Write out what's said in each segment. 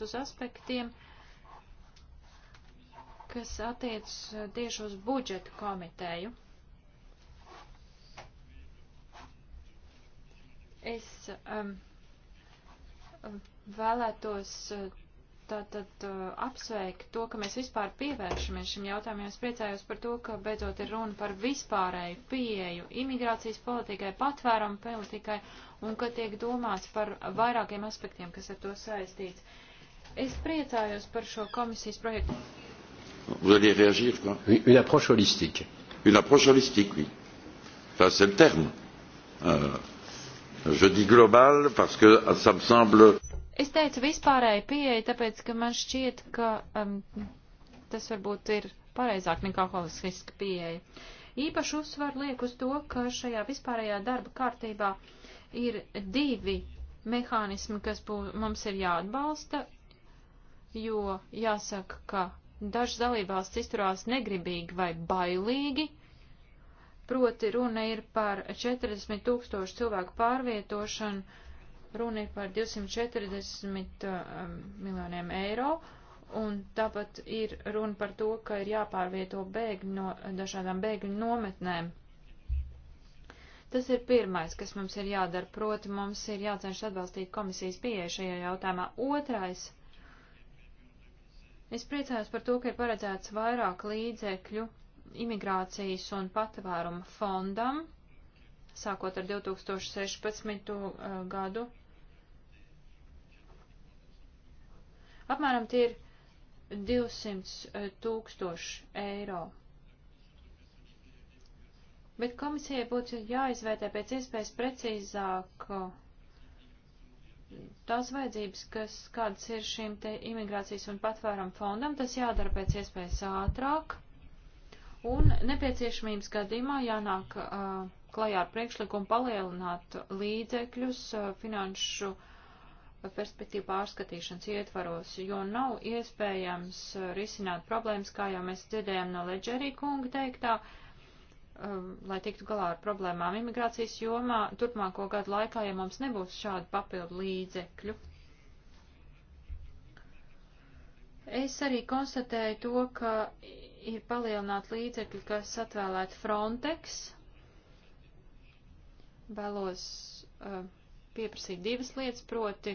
uz aspektiem, kas attiec uh, tieši uz budžetu komiteju. Es um, um vēlētos uh, tātad uh, apsveikt to, ka mēs vispār pievēršamies šim jautājumam. Es priecājos par to, ka beidzot ir runa par vispārēju pieeju imigrācijas politikai, patvērumu politikai un ka tiek domāts par vairākiem aspektiem, kas ar to saistīts. Es priecājos par šo komisijas projektu. Vous allez réagir, quoi Oui, une approche holistique. Une approche holistique, oui. Enfin, c'est le terme. Euh, je dis global parce que ça me semble. Es teicu vispārēju pieeju, tāpēc, ka man šķiet, ka um, tas varbūt ir pareizāk nekā holistiska pieeja. Īpaši uzsvaru liek uz to, ka šajā vispārējā darba kārtībā ir divi mehānismi, kas bū, mums ir jāatbalsta jo jāsaka, ka dažas dalībvalsts izturās negribīgi vai bailīgi, proti runa ir par 40 tūkstošu cilvēku pārvietošanu, runa ir par 240 uh, um, miljoniem eiro, un tāpat ir runa par to, ka ir jāpārvieto bēgļi no dažādām bēgļu nometnēm. Tas ir pirmais, kas mums ir jādara, proti mums ir jācenšas atbalstīt komisijas pieeja šajā jautājumā. Otrais Es priecājos par to, ka ir paredzēts vairāk līdzekļu imigrācijas un patvēruma fondam, sākot ar 2016. Uh, gadu. Apmēram tie ir 200 uh, tūkstoši eiro. Bet komisijai būtu jāizvērtē pēc iespējas precīzāk uh, tās vajadzības, kas kādas ir šim te imigrācijas un patvērumu fondam, tas jādara pēc iespējas ātrāk. Un nepieciešamības gadījumā jānāk uh, klajā ar priekšlikumu palielināt līdzekļus uh, finanšu perspektīvu pārskatīšanas ietvaros, jo nav iespējams risināt problēmas, kā jau mēs dzirdējām no Leģerī kunga teiktā, uh, um, lai tiktu galā ar problēmām imigrācijas jomā turpmāko gadu laikā, ja mums nebūs šādu papildu līdzekļu. Es arī konstatēju to, ka ir palielināti līdzekļi, kas atvēlēti Frontex. Vēlos uh, pieprasīt divas lietas, proti,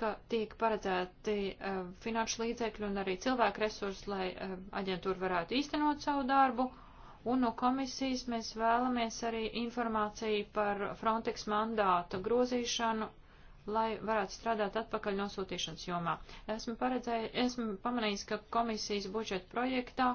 ka tiek paredzēti uh, finanšu līdzekļi un arī cilvēku resursi, lai uh, aģentūra varētu īstenot savu darbu. Uh, Un no komisijas mēs vēlamies arī informāciju par Frontex mandātu grozīšanu, lai varētu strādāt atpakaļ nosūtīšanas jomā. Esmu, paredzēju, esmu pamanījis, ka komisijas budžeta projektā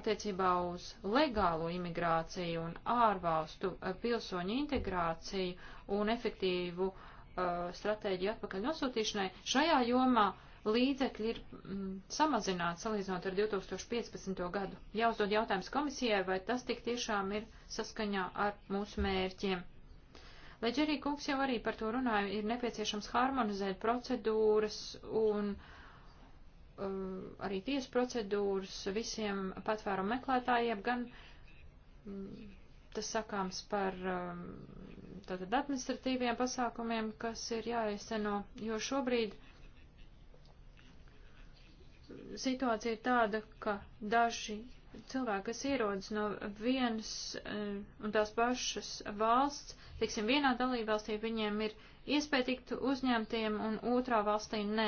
attiecībā uz legālo imigrāciju un ārvalstu eh, pilsoņu integrāciju un efektīvu uh, stratēģiju atpakaļ nosūtīšanai šajā jomā uh, līdzekļi ir mm, samazināti salīdzinot ar 2015. gadu. Jāuzdod jautājums komisijai, vai tas tik tiešām ir saskaņā ar mūsu mērķiem. Lai Džerī Kungs jau arī par to runāja, ir nepieciešams harmonizēt procedūras un um, arī tiesu procedūras visiem patvērumu meklētājiem, gan mm, tas sakāms par um, tātad administratīviem pasākumiem, kas ir jāizceno, jo šobrīd situācija ir tāda, ka daži cilvēki, kas ierodas no vienas eh, un tās pašas valsts, tiksim, vienā dalībvalstī viņiem ir iespēja tikt uzņemtiem un otrā valstī nē.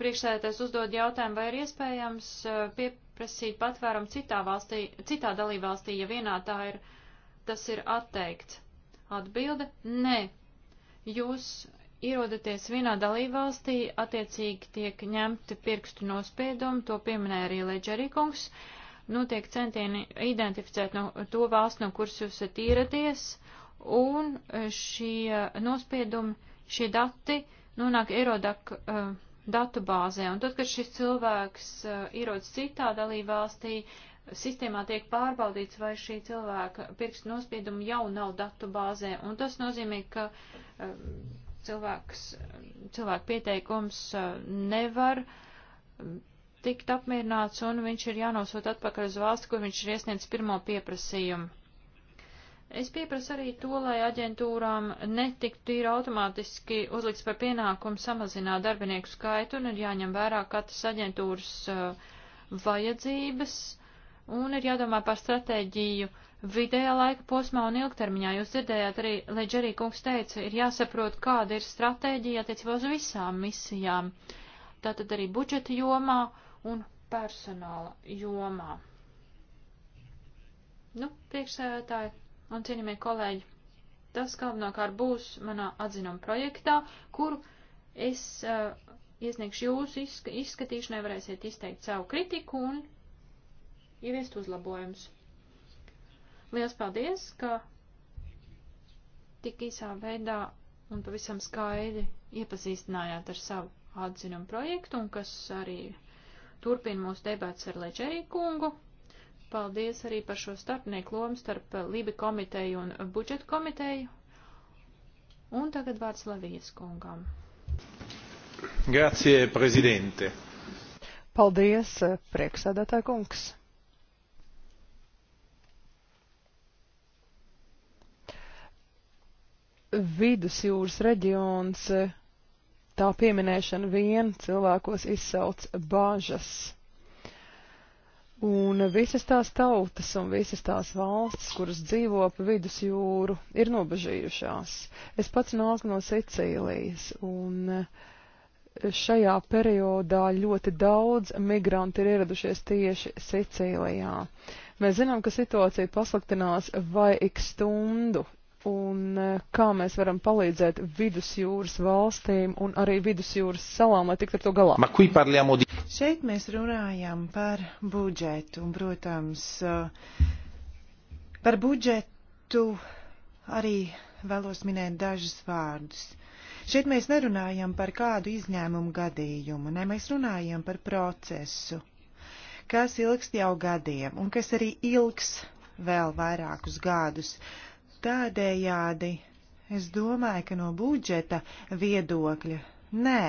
Priekšsēdētājs uzdod jautājumu, vai ir iespējams eh, pieprasīt patvērumu citā, valstī, citā dalībvalstī, ja vienā tā ir, tas ir atteikts. Atbilde - nē. Jūs ierodaties vienā dalībvalstī, attiecīgi tiek ņemti pirkstu nospiedumi, to pieminēja arī Leģerikungs, notiek nu, centieni identificēt no to valstu, no kuras jūs esat īraties, un šie nospiedumi, šie dati nonāk Eirodak uh, datu bāzē, un tad, kad šis cilvēks uh, ierodas citā dalībvalstī, sistēmā tiek pārbaudīts, vai šī cilvēka pirkstu nospiedumi jau nav datu bāzē, un tas nozīmē, ka uh, cilvēks, cilvēku pieteikums uh, nevar um, tikt apmierināts un viņš ir jānosūt atpakaļ uz valsti, kur viņš ir iesniedzis pirmo pieprasījumu. Es pieprasu arī to, lai aģentūrām netiktu tīri automātiski uzlikts par pienākumu samazināt darbinieku skaitu un ir jāņem vērā katras aģentūras uh, vajadzības un ir jādomā par stratēģiju uh, vidējā laika posmā un ilgtermiņā. Jūs dzirdējāt arī, Leģerī kungs teica, ir jāsaprot, kāda ir stratēģija attiecībā uz visām misijām. Tātad arī budžeta jomā un personāla jomā. Nu, priekšsēdētāji un cienījamie kolēģi, tas galvenokārt būs manā atzinuma projektā, kuru es uh, iesniegšu jūsu izska izskatīšanai, varēsiet izteikt savu kritiku un ieviest uzlabojumus. Liels paldies, ka tik īsā veidā un pavisam skaidri iepazīstinājāt ar savu atzinumu projektu, un kas arī turpina mūsu debats ar Leģerī kungu. Paldies arī par šo starpnieku lomu starp Libi komiteju un budžetu komiteju. Un tagad vārds Lavijas kungam. Grazie, prezidente. Paldies, prieksēdētā kungs. vidusjūras reģions, eh, tā pieminēšana vien cilvēkos izsauc bāžas. Un visas tās tautas un visas tās valstis, kuras dzīvo pa vidusjūru, ir nobežījušās. Es pats nāku no Sicīlijas, un eh, šajā periodā ļoti daudz migranti ir ieradušies tieši Sicīlijā. Mēs zinām, ka situācija pasliktinās vai ik stundu un eh, kā mēs varam palīdzēt vidusjūras valstīm un arī vidusjūras salām, lai tiktu ar to galā. Šeit mēs runājam par budžetu un, protams, eh, par budžetu arī vēlos minēt dažus vārdus. Šeit mēs nerunājam par kādu izņēmumu gadījumu, ne mēs runājam par procesu, kas ilgst jau gadiem un kas arī ilgs vēl vairākus gadus. Uh, Tādējādi es domāju, ka no budžeta viedokļa nē,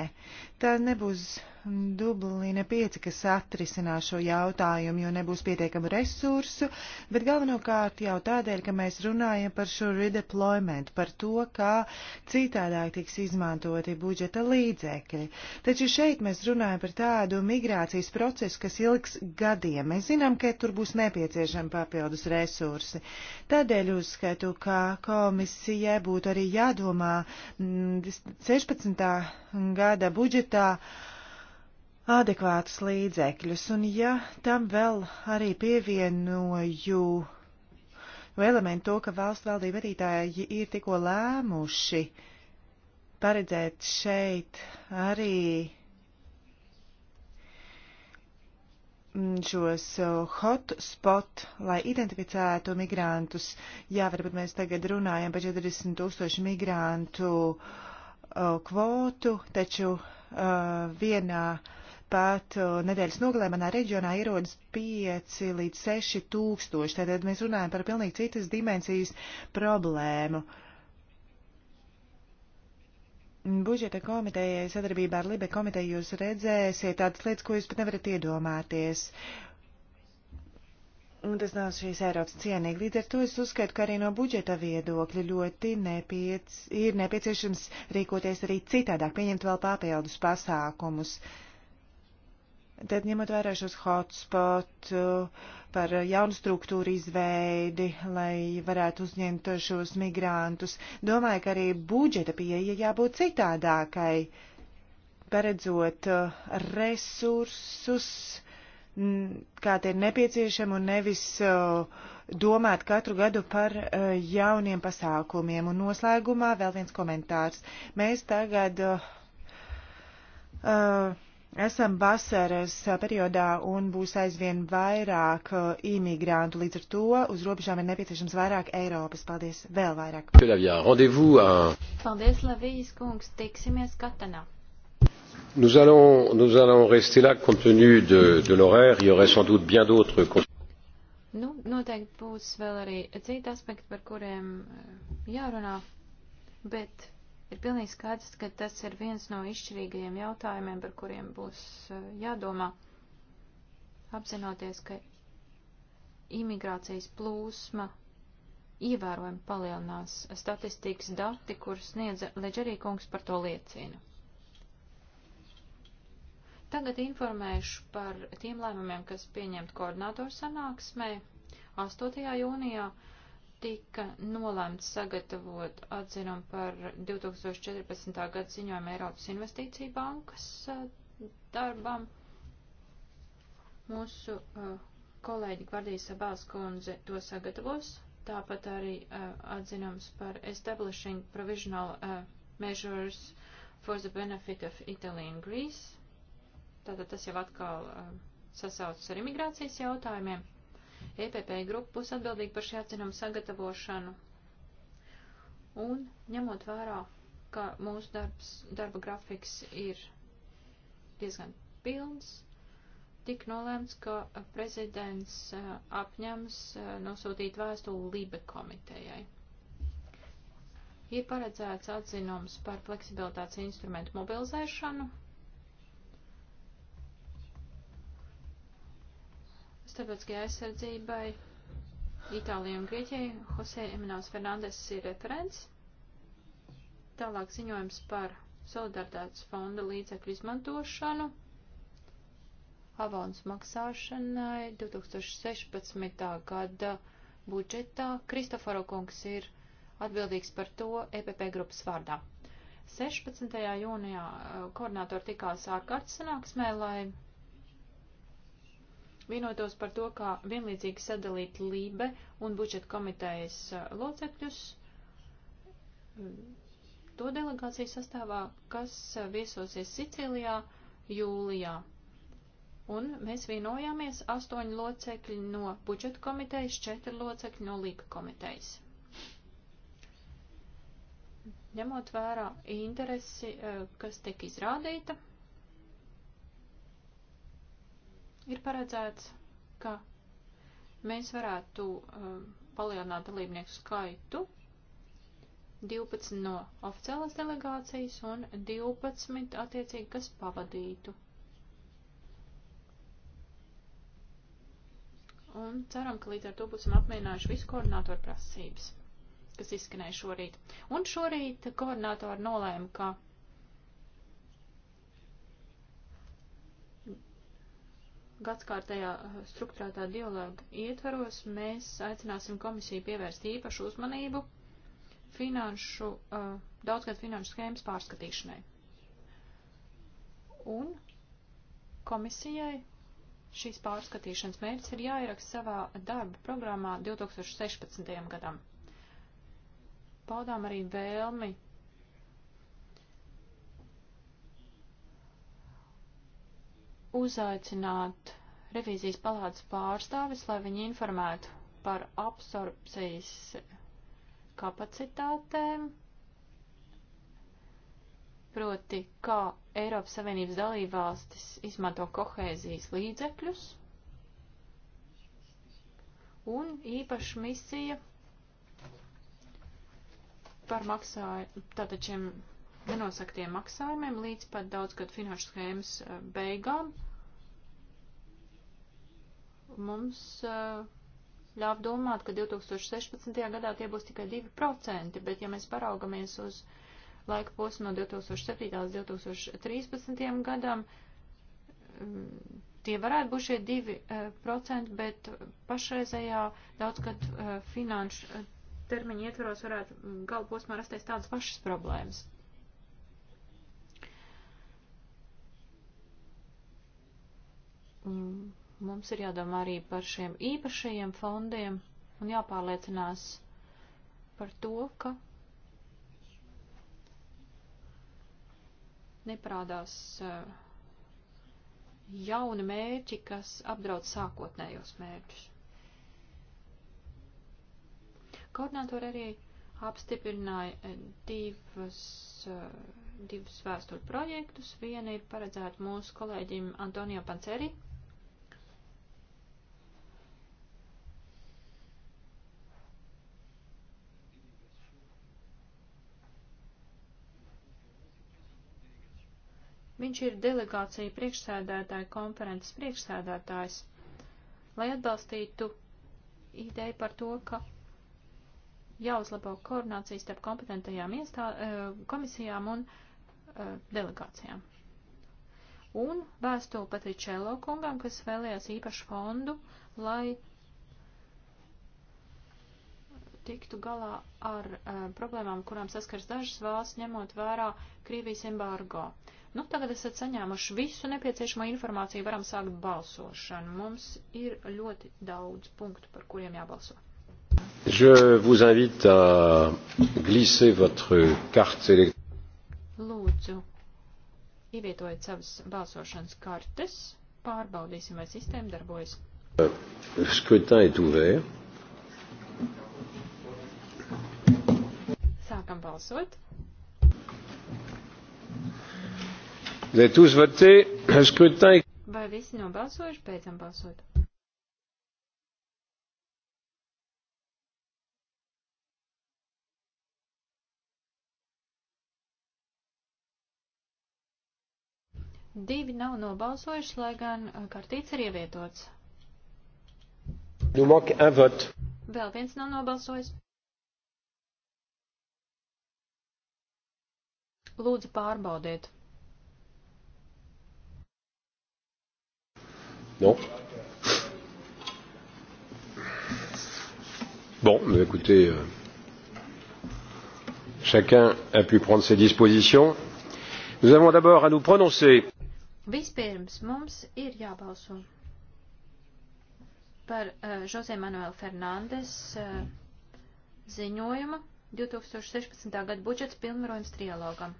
Tā nebūs Dublīna 5, kas atrisinās šo jautājumu, jo nebūs pietiekama resursu, bet galvenokārt jau tādēļ, ka mēs runājam par šo redeployment, par to, kā citādāk tiks izmantoti budžeta līdzekļi. Taču šeit mēs runājam par tādu migrācijas procesu, kas ilgs gadiem. Mēs zinām, ka tur būs nepieciešami papildus resursi. Tādēļ uzskatu, ka komisijai būtu arī jādomā 16. Mm, gada budžeta budžetā adekvātus līdzekļus, un ja tam vēl arī pievienoju elementu to, ka valsts valdība vadītāji ir tikko lēmuši paredzēt šeit arī mm, šos hotspot, lai identificētu migrantus. Jā, varbūt mēs tagad runājam par 40 tūkstošu migrantu uh, Uh, kvotu, taču uh, vienā pat uh, nedēļas nogalē manā reģionā ierodas 5 līdz 6 tūkstoši. Tātad mēs runājam par pilnīgi citas dimensijas problēmu. Budžeta komitejai sadarbībā ar Libe komiteju jūs redzēsiet tādas lietas, ko jūs pat nevarat iedomāties. Uh, Un tas nav šīs Eiropas cienīgi. Līdz ar to es uzskatu, ka arī no budžeta viedokļa ļoti nepiec, ir nepieciešams rīkoties arī citādāk, pieņemt vēl papildus pasākumus. Tad ņemot vērā šos hotspot uh, par jaunu struktūru izveidi, lai varētu uzņemt šos migrantus, domāju, ka arī budžeta pieeja jābūt citādākai, paredzot uh, resursus Mm, kā tie ir nepieciešami un nevis domāt katru gadu par e, jauniem pasākumiem. Un noslēgumā vēl viens komentārs. Mēs tagad e, esam vasaras periodā un būs aizvien vairāk imigrantu. Līdz ar to uz robežām ir nepieciešams vairāk Eiropas. Paldies vēl vairāk. Paldies, Lavijas kungs. Tiksimies Katanā. Nous allons, nous allons rester là compte tenu de, de l'horaire. Il y aurait sans doute bien d'autres. Nu, noteikti būs vēl arī citi aspekti, par kuriem eh, jārunā, bet ir pilnīgi skaidrs, ka tas ir viens no izšķirīgajiem jautājumiem, par kuriem būs eh, jādomā, apzinoties, ka imigrācijas plūsma ievērojami palielinās statistikas dati, kuras sniedza Leģerī kungs par to liecina. Tagad informēšu par tiem lēmumiem, kas pieņemt koordinātoru sanāksmē. 8. jūnijā tika nolēmts sagatavot atzinumu par 2014. gada ziņojumu Eiropas Investīcija bankas eh, darbam. Mūsu eh, kolēģi Gvardijas Sabās kundze to sagatavos, tāpat arī eh, atzinums par Establishing Provisional Measures for the Benefit of Italy and Greece Tātad tas jau atkal uh, sasaucas ar imigrācijas jautājumiem. EPP grupa būs atbildīga par šī atzinuma sagatavošanu. Un ņemot vērā, ka mūsu darbs, darba grafiks ir diezgan pilns, tik nolēmts, ka prezidents uh, apņems uh, nosūtīt vēstuli Libe komitejai ir paredzēts atzinums par fleksibilitātes instrumentu mobilizēšanu starptautiskajai aizsardzībai Itālijai un Grieķijai. Jose Emanuels Fernandes ir referents. Tālāk ziņojums par solidaritātes fonda līdzekļu izmantošanu. Avons maksāšanai 2016. gada budžetā. Kristoforo kungs ir atbildīgs par to EPP grupas vārdā. 16. jūnijā eh, koordinātori tikās ārkārtas sanāksmē, lai vienotos par to, kā vienlīdzīgi sadalīt lībe un budžeta komitejas uh, locekļus uh, to delegāciju sastāvā, kas uh, viesosies Sicilijā jūlijā. Un mēs vienojāmies astoņi locekļi no budžeta komitejas, četri locekļi no līga komitejas. Ņemot vērā interesi, kas tiek izrādīta, ir paredzēts, ka mēs varētu um, palielināt dalībnieku skaitu 12 no oficiālās delegācijas un 12 attiecīgi, kas pavadītu. Un ceram, ka līdz ar to būsim apmienājuši visu koordinātoru prasības, kas izskanēja šorīt. Un šorīt koordinātori nolēma, ka gadskārtējā eh, struktūrētā dialoga ietvaros mēs aicināsim komisiju pievērst īpašu uzmanību finanšu, eh, daudzgad finanšu schēmas pārskatīšanai. Un komisijai šīs pārskatīšanas mērķis ir jāieraksta savā darba programmā 2016. gadam. Paudām arī vēlmi uzaicināt revīzijas palātas pārstāvis, lai viņi informētu par absorpcijas kapacitātēm, proti, kā Eiropas Savienības dalībvalstis izmanto kohēzijas līdzekļus, un īpaša misija par maksāju, tātad šiem nenosaktiem maksājumiem līdz pat daudzgad finanšu schēmas eh, beigām. Uh, mums eh, ļāva domāt, ka 2016. gadā tie būs tikai 2%, bet ja mēs paraugamies uz laika posmu no 2007. līdz 2013. gadam, mm, tie varētu būt šie 2%, eh, bet pašreizējā daudzgad eh, finanšu termiņa ietvaros varētu mm, gala posmā rasties tādas pašas problēmas. Mm. Mums ir jādomā arī par šiem īpašajiem fondiem un jāpārliecinās par to, ka neparādās eh, jauni mērķi, kas apdraud sākotnējos mērķus. Koordinātori arī apstiprināja eh, divas, eh, divas vēstuļu projektus. Viena ir paredzēta mūsu kolēģim Antonio Panceri, Viņš ir delegācija priekšsēdētāja konferences priekšsēdētājs, lai atbalstītu ideju par to, ka jāuzlabo koordinācijas starp kompetentajām iestā, eh, komisijām un eh, delegācijām. Un vēstuli Patričēlo kungam, kas vēlējās īpašu fondu, lai tiktu galā ar uh, problēmām, kurām saskars dažas valsts, ņemot vērā Krievijas embargo. Uh, Nu, tagad esat saņēmuši visu nepieciešamo informāciju, varam sākt balsošanu. Mums ir ļoti daudz punktu, par kuriem jābalso. Je vous invite à glisser votre carte électronique. Lūdzu, ievietojiet savas balsošanas kartes. Pārbaudīsim, vai sistēma darbojas. Euh, scrutin est ouvert. Sākam balsot. Vous avez tous voté. Le scrutin est. Vai visi nobalsojuši, beidzam balsot. Divi nav nobalsojuši, lai gan uh, kartīts ir ievietots. Nous manque un vote. Vēl viens nav nobalsojis. Lūdzu pārbaudiet. Non Bon, écoutez, euh, chacun a pu prendre ses dispositions. Nous avons d'abord à nous prononcer. Vispirms mums ir jābalso par uh, Jose Manuel Fernandes uh, ziņojumu 2016. gada budžets pilnvarojums trialogam.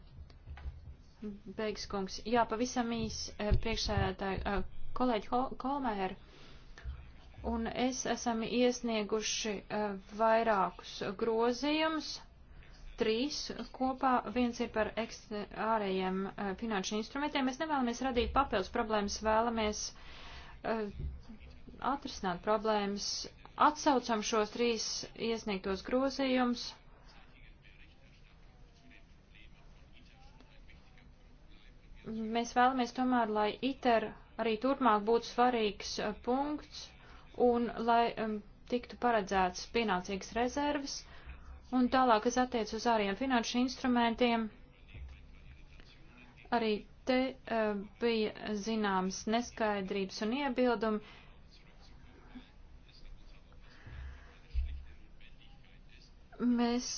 Beigas kungs, jā, pavisam īs uh, priekšsēdētāji. Uh, kolēģi Kolmēru un es esam iesnieguši e, vairākus grozījumus, trīs kopā. Viens ir par ārējiem e, finanšu instrumentiem. Mēs nevēlamies radīt papildus problēmas, vēlamies e, atrisināt problēmas. Atsaucam šos trīs iesniegtos grozījumus. Mēs vēlamies tomēr, lai ITER arī turpmāk būtu svarīgs eh, punkts, un lai tiktu paredzēts pienācīgas rezerves, un tālāk, kas attiec uz āriem finanšu instrumentiem, arī te uh, bija zināmas neskaidrības un iebildumi. Mēs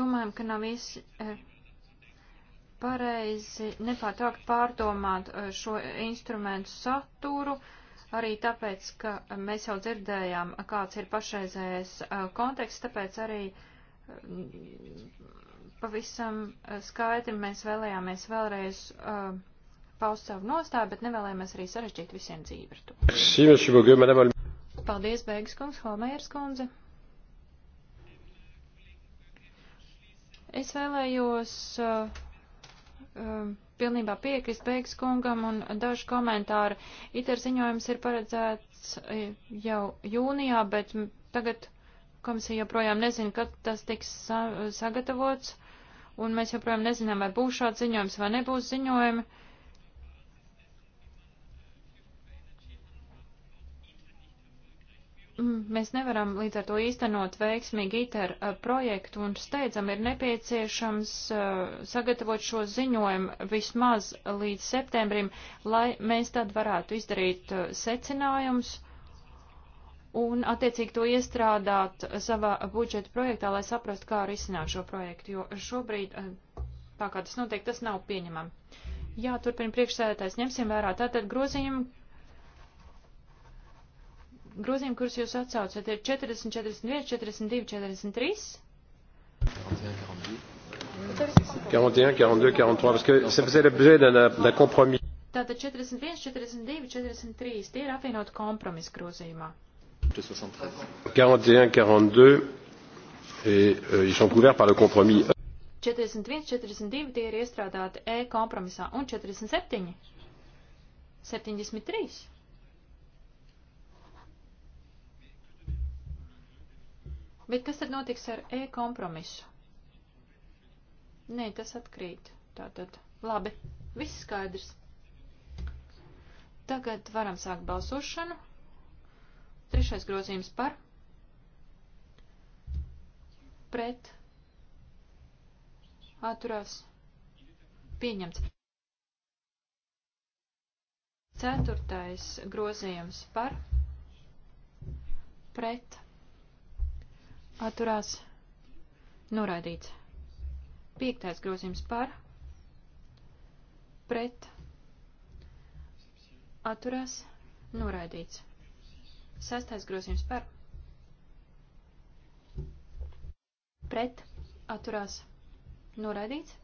domājam, ka nav īsi. Uh, eh, pareizi nepārtraukt pārdomāt eh, šo instrumentu saturu, arī tāpēc, ka mēs jau dzirdējām, kāds ir pašreizējais eh, konteksts, tāpēc arī eh, pavisam skaidri mēs vēlējāmies vēlreiz paust savu nostāju, bet nevēlējāmies arī sarežģīt visiem dzīvi ar to. Paldies, Beigas kungs, Holmējas kundze. Es vēlējos uh, um, pilnībā piekrist Beigas kungam un daži komentāri. ITER ziņojums ir paredzēts e, jau jūnijā, bet tagad komisija joprojām nezina, kad tas tiks sa e, sagatavots, un mēs joprojām nezinām, vai būs šāds ziņojums vai nebūs ziņojumi. Uh, Mm, mēs nevaram līdz ar to īstenot veiksmīgi ITER uh, projektu un steidzam ir nepieciešams uh, sagatavot šo ziņojumu vismaz līdz septembrim, lai mēs tad varētu izdarīt uh, secinājumus un attiecīgi to iestrādāt savā budžeta projektā, lai saprastu, kā risināt šo projektu, jo šobrīd, tā kā tas notiek, tas nav pieņemami. Jā, turpina priekšsēdētājs, ņemsim vērā tātad grozījumu, grozījumi, kurus jūs atsaucat, ir 40, 41, 42, 43? 41, 42, 43, parce que ça faisait l'objet d'un compromis. Tātad 41, 42, 43, tie ir apvienot kompromisu grozījumā. 41, 42, et euh, ils sont couverts par le compromis. 41, 42, tie ir iestrādāti E kompromisā, un 47, 73. Bet kas tad notiks ar e-kompromisu? Nē, tas atkrīt. Tātad, labi, viss skaidrs. Tagad varam sākt balsošanu. Trešais grozījums par. Pret. Atturās. Pieņemts. Ceturtais grozījums par. Pret atturās noraidīts. Piektais grozījums par, pret, atturās noraidīts. Sestais grozījums par, pret, atturās noraidīts.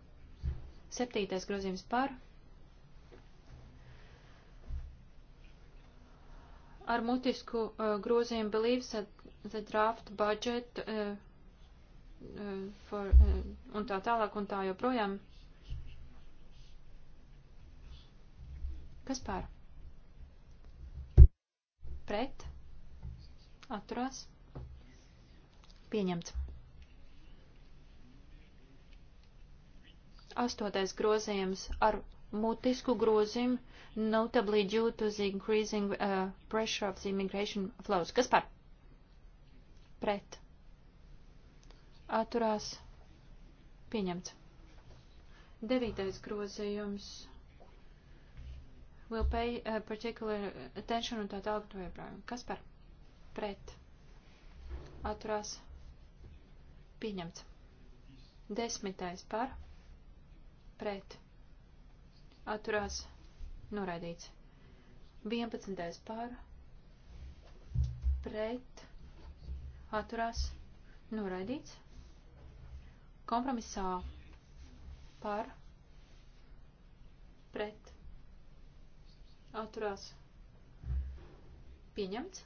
Septītais grozījums par, ar mutisku uh, grozījumu believes at the draft budget uh, uh, for, uh, un tā tālāk un tā joprojām. Kas pār? Pret? Atturās? Pieņemts. Astotais grozījums ar mutisku grozījumu, notably due to the increasing uh, pressure of the immigration flows. Kas par? pret, atturās, pieņemts. Devītais grozījums. Will pay uh, particular attention un tā tālāk to iebrājumu. Kas par? Pret. Atturās. Pieņemts. Desmitais par. Pret. Atturās. Noraidīts. Vienpadsmitais par. Pret atturās, noraidīts. Kompromisā par, pret, atturās, pieņemts.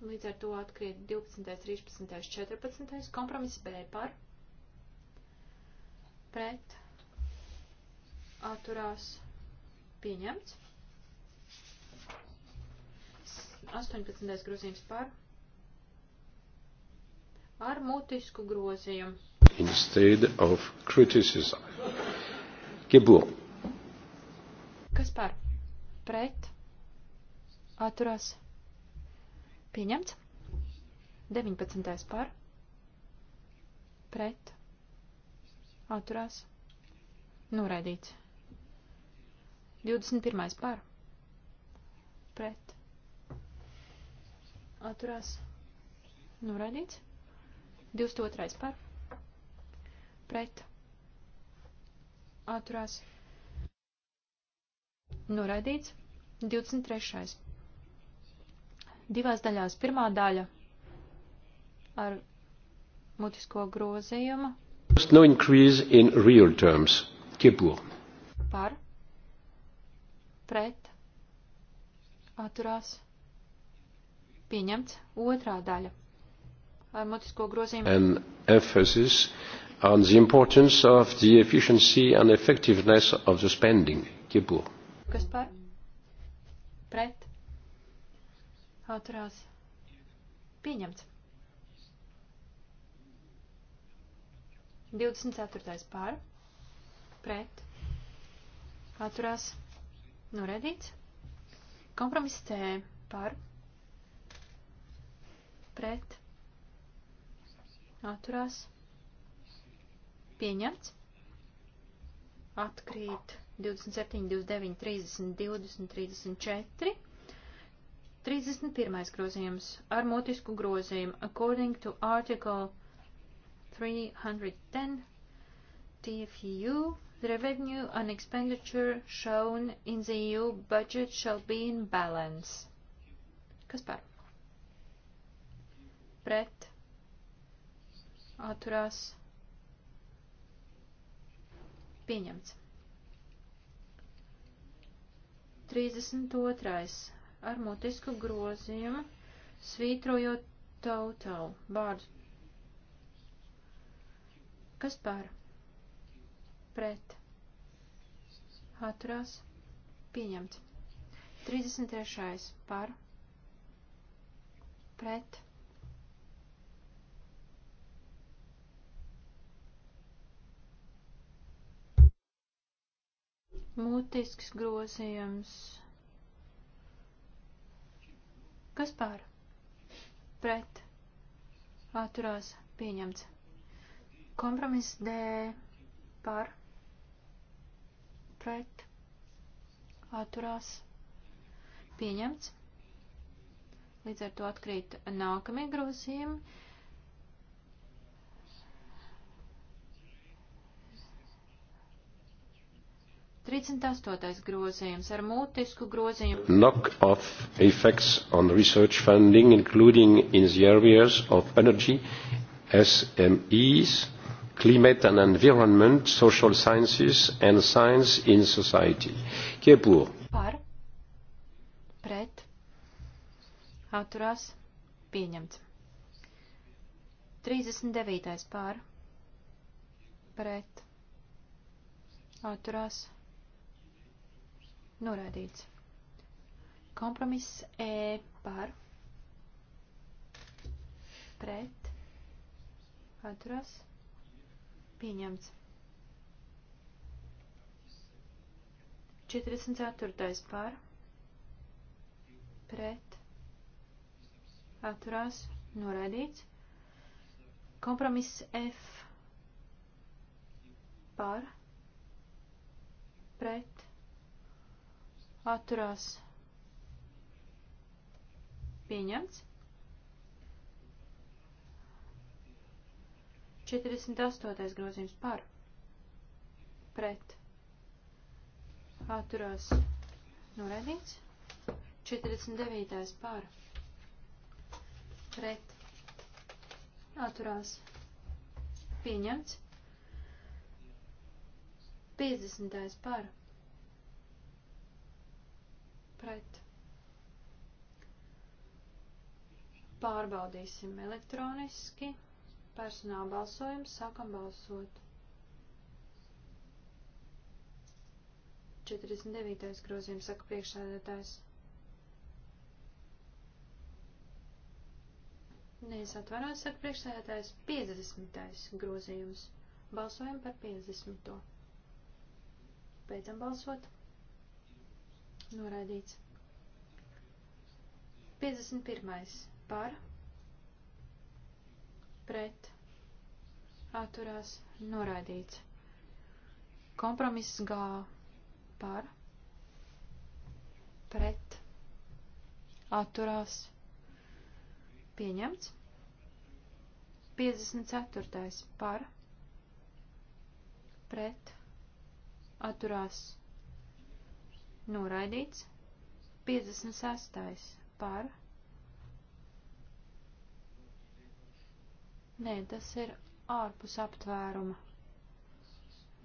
Līdz ar to atkrīt 12, 13, 14. Kompromiss B par, pret, atturās, pieņemts. 18. grozījums par, ar mutisku grozījumu. Instead of criticism. Gebur. Kas par? Pret. Atturās. Pieņemts. 19. par. Pret. Atturās. Noraidīts. 21. par. Pret. Atturās. Noraidīts. 22. par pret atturās noraidīts 23. Divās daļās pirmā daļa ar mutisko grozījumu. No increase in real terms. Kiepur. Par pret atturās pieņemts otrā daļa ar mutisko grozījumu. emphasis on the importance of the efficiency and effectiveness of the spending. Kibur. Kas par? Pret? Atturās. Pieņemts. 24. pār. Pret. Atturās. Noredīts. Nu, Kompromiss C. Par. Pret atturās, pieņemts, atkrīt 27, 29, 30, 20, 34, 31. grozījums ar motisku grozījumu according to article 310 TFU The revenue and expenditure shown in the EU budget shall be in balance. Kas par? Pret atturās pieņemts. 32. ar mutisku grozījumu svītrojot tautau vārdu. Kas par? Pret. Atturās. Pieņemts. 33. par. Pret. Mutisks grozījums. Kas pār? Pret. Atturās. Pieņemts. Kompromiss D. Par. Pret. Atturās. Pieņemts. Līdz ar to atkrīt nākamie grozījumi. 38. grozījums ar mūtisku grozījumu. Knock-off effects on research funding, including in the areas of energy, SMEs, climate and environment, social sciences and science in society. Qui est pour? Par. Pret. Atturās. Pieņemts. 39. pār. Pret. Atturās. Norādīts. Kompromiss E par pret atturās pieņemts. 44. par pret atturās noraidīts. Kompromiss F par pret atturās pieņemts. 48. grozījums par pret atturās norēdīts. 49. par pret atturās pieņemts. 50. par pret pret. Pārbaudīsim elektroniski. Personāla balsojums. Sākam balsot. 49. grozījums saka priekšsēdētājs. Nē, es atvainojos, saka priekšsēdētājs. 50. grozījums. Balsojam par 50. Beidzam balsot. Noraidīts. 51. Par. Pret. Atturās. Noraidīts. Kompromiss G. Par. Pret. Atturās. Pieņemts. 54. Par. Pret. Atturās noraidīts, 56. par, nē, tas ir ārpus aptvēruma,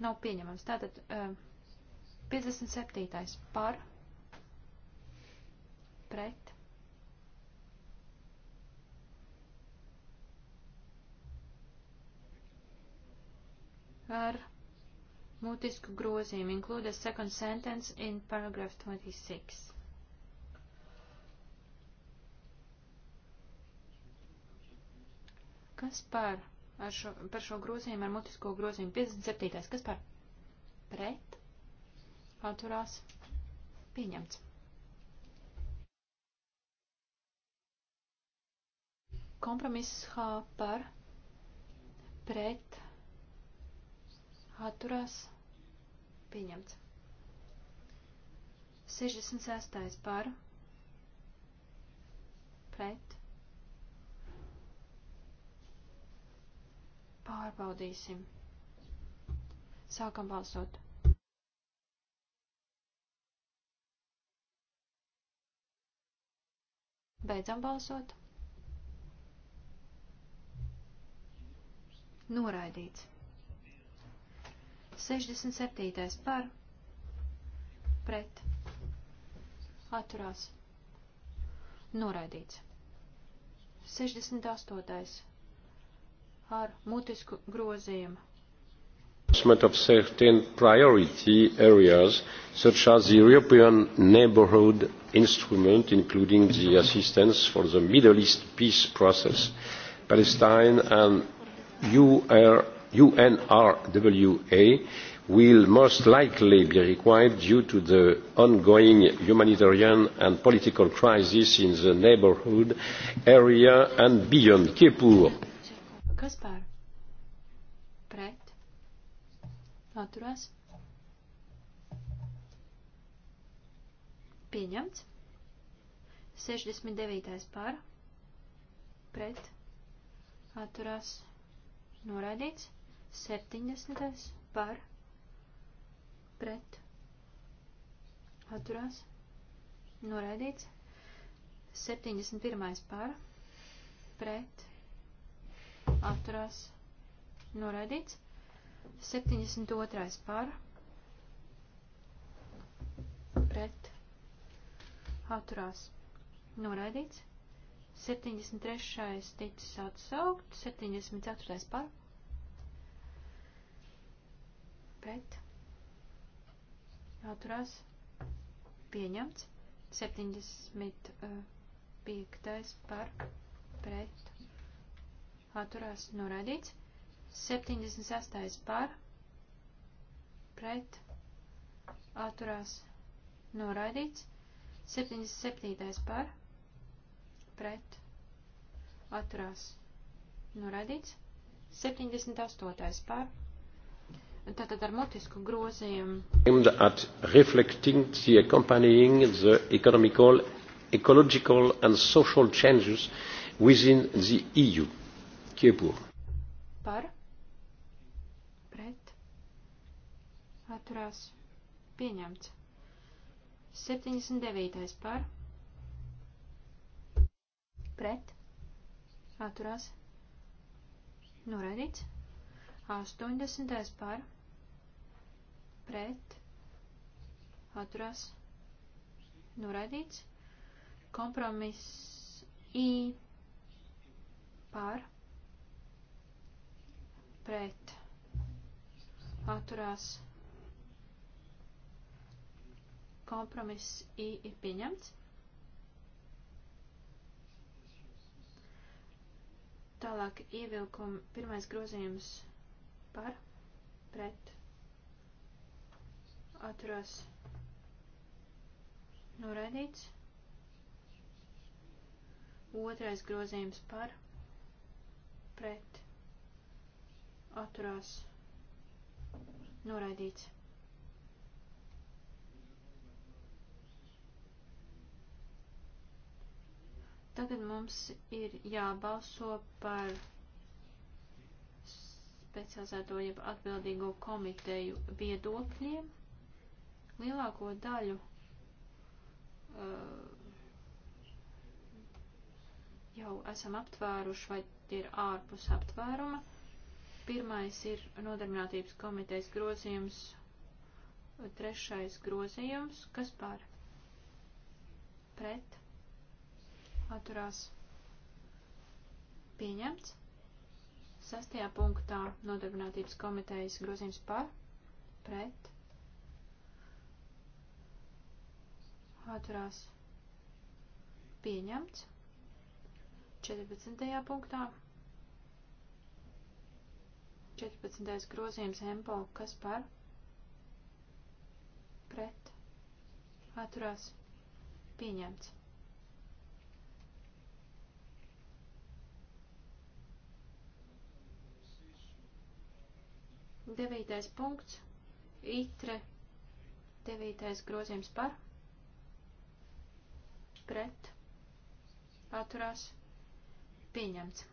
nav pieņemams, tātad 57. Eh, par, pret, ar, mutisku grozījumu, include a second sentence in paragraph 26. Kas par, ar šo, par šo grozījumu, ar mutisko grozījumu? 57. Kas par? Pret? Atturās? Pieņemts. Kompromiss H par? Pret? atturās, pieņemts. 66. par, pret, pārbaudīsim. Sākam balsot. Beidzam balsot. Noraidīts. 67. par pret atturās noraidīts. 68. ar mutisku grozījumu. Of certain priority areas, such as the European Neighbourhood Instrument, including the assistance for the Middle East peace process, Palestine, and UR unrwa will most likely be required due to the ongoing humanitarian and political crisis in the neighbourhood area and beyond. Qui est pour? Kas par? Pret? Atturās? Pieņemts. 69. par? Pret? Atturās? Noraidīts? 70. par pret atturās noraidīts. 71. par pret atturās noraidīts. 72. par pret atturās noraidīts. 73. ticis atsaukt, 74. par pret pret, atturās, pieņemts, 75. par, pret, atturās, noraidīts, 76. par, pret, atturās, noraidīts, 77. par, pret, atturās, noraidīts, 78. par, pret, Tātad ar mutisku grozījumu. Aimed at reflecting the accompanying the economical, ecological and social changes within the EU. Qui est pour? Par? Pret? Atturās. Pieņemts. 79. par. Pret. Atturās. Noraidīts. 80. par pret, atturās, noraidīts. Kompromiss I par, pret, atturās. Kompromiss I ir pieņemts. Tālāk ievilkuma pirmais grozījums par, pret, atturās noraidīts. Otrais grozījums par pret atturās noraidīts. Tagad mums ir jābalso par specializēto jeb atbildīgo komiteju viedokļiem lielāko daļu uh, jau esam aptvēruši vai tie ir ārpus aptvēruma. Pirmais ir nodarbinātības komitejas grozījums, trešais grozījums, kas par pret atturās pieņemts. Sastajā punktā nodarbinātības komitejas grozījums par pret atturās pieņemts. 14. punktā 14. grozījums MPO, kas par pret atturās pieņemts. Devītais punkts, itre, devītais grozījums par pret, atturās, pieņemts.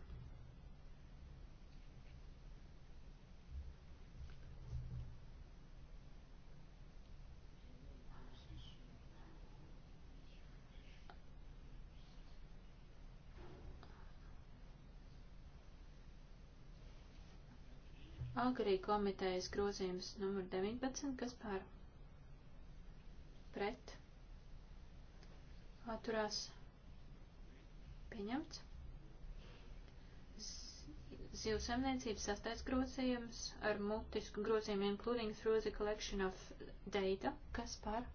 Agrī komitejas grozījums numur 19, kas pār pret atturās pieņemts. Zivsaimniecības sastais grozījums ar mutisku grozījumu including through the collection of data, kas par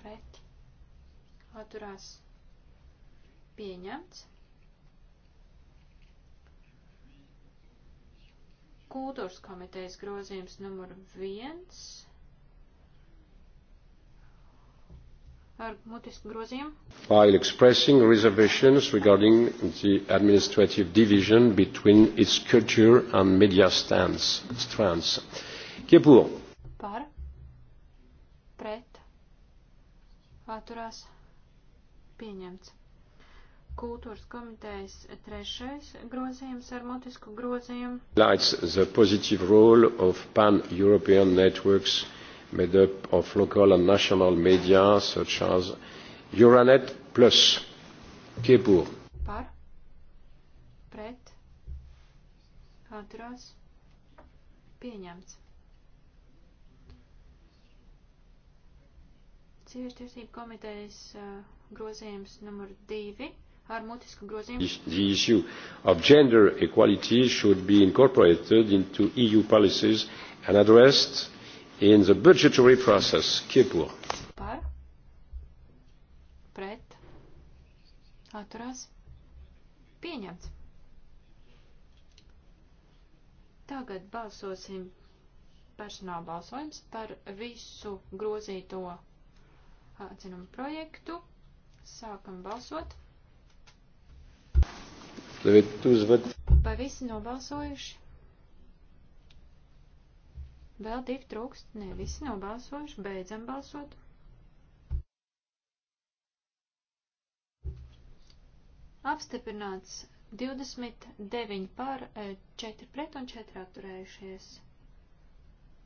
pret atturās pieņemts. Kultūras komitejas grozījums numur viens ar mutisku grozījumu. While expressing reservations regarding the administrative division between its culture and media stance, strands. Qui est pour? Par. Pret. Atturās. Pieņemts. Kultūras komitejas trešais grozījums ar mutisku grozījumu. Lights the positive role of pan-European networks made up of local and national media such as Euronet Plus. Qui est pour? Par. Pret. Atturās. Pieņemts. Sieviešu tiesību komitejas uh, grozījums numur divi ar mutisku grozījumu. The issue of gender equality should be incorporated into EU policies and addressed in the budgetary process. Qui est pour? Par. Pret. Atturās. Pieņemts. Tagad balsosim personāla balsojums par visu grozīto atzinumu projektu. Sākam balsot. Vai visi nobalsojuši? Vēl divi trūkst. Nē, visi nav balsojuši. Beidzam balsot. Apstiprināts 29 par 4 e, pret un 4 atturējušies.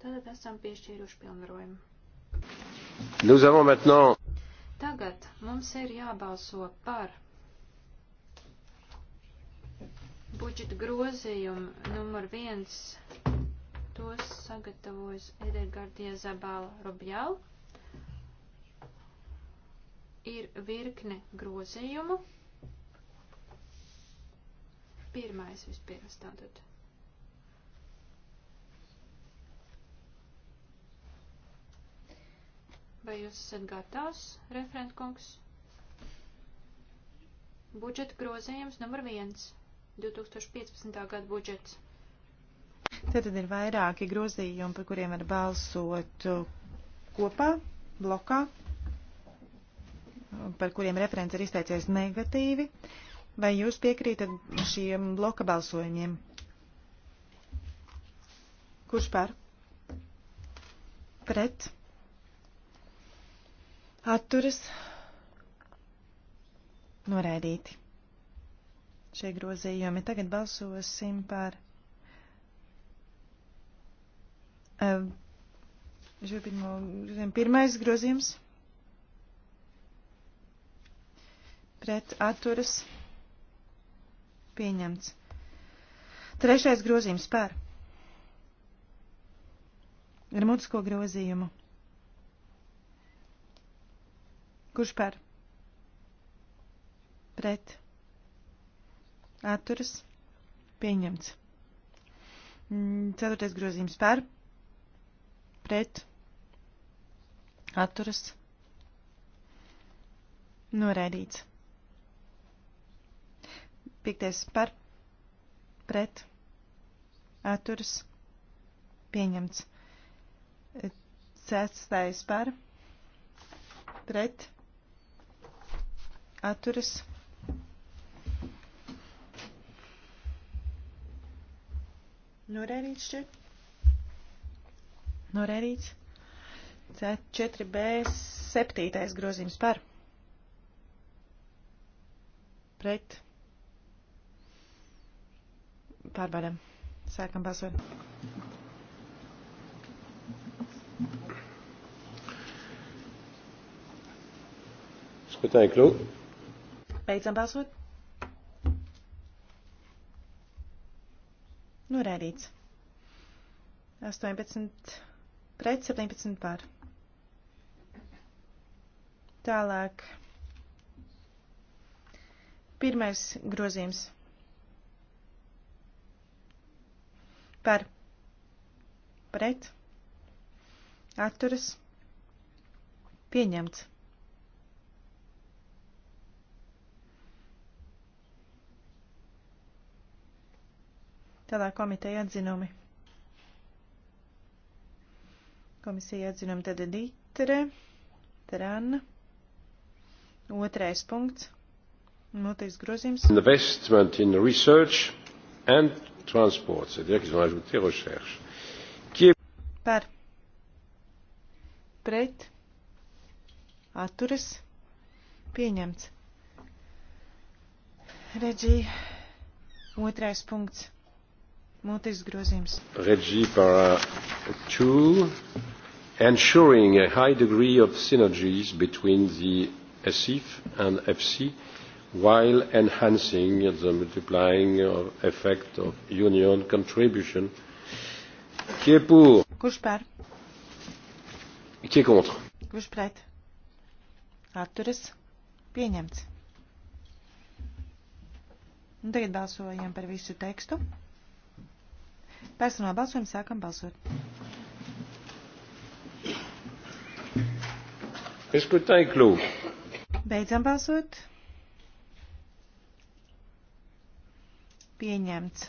Tātad esam piešķīruši pilnvarojumu. Nous avons maintenant... Tagad mums ir jābalso par budžeta grozījumu numur 1 tos sagatavojas Edegardie Zabala Robjal. Ir virkne grozījumu. Pirmais vispirms tātad. Vai jūs esat gatavs, referentkungs? Budžeta grozījums numur viens - 2015. gada budžets. Tātad ir vairāki grozījumi, par kuriem var balsot kopā, blokā, par kuriem referents ir izteicies negatīvi. Vai jūs piekrītat šiem bloka balsojumiem? Kurš par? Pret? Atturas? Noraidīti. Šie grozījumi. Tagad balsosim par Ehm, pirmo, pirmais grozījums pret atturas pieņemts. Trešais grozījums pār. Ar mutisko grozījumu. Kurš pār? Pret. Atturas pieņemts. Mm, ceturtais grozījums pār pret atturas noraidīts. Piektais par pret atturas pieņemts. Sestais par pret atturas pieņemts. Norēdīt šķiet. Norēdīts. 4B 7. grozījums par. Pret. Pārbaudam. Sākam balsot. Skatāju kļūt. Beidzam balsot. Norēdīts. 18 pret 17 par. Tālāk. Pirmais grozījums. Par. Pret. Atturas. Pieņemts. Tālāk komiteja atzinumi. Komisija atzinam tad ditre, tran, otrais punkts, notiks grozījums. Investment in research and transport, c'est-à-dire qu'ils ont ajouté recherche. Qui est... Par. Pret. Atturas. Pieņemts. Reģija. Otrais punkts. Mūtis grozījums. Reģija par 2 ensuring a high degree of synergies between the SIF and FC while enhancing the multiplying effect of union contribution. Qui est pour Kurš par? Qui est contre Kurš pret? Atturas. Pieņemts. Un tagad balsojam par visu tekstu. Personāla balsojumu sākam balsot. Beidzam balsot. Pieņemts.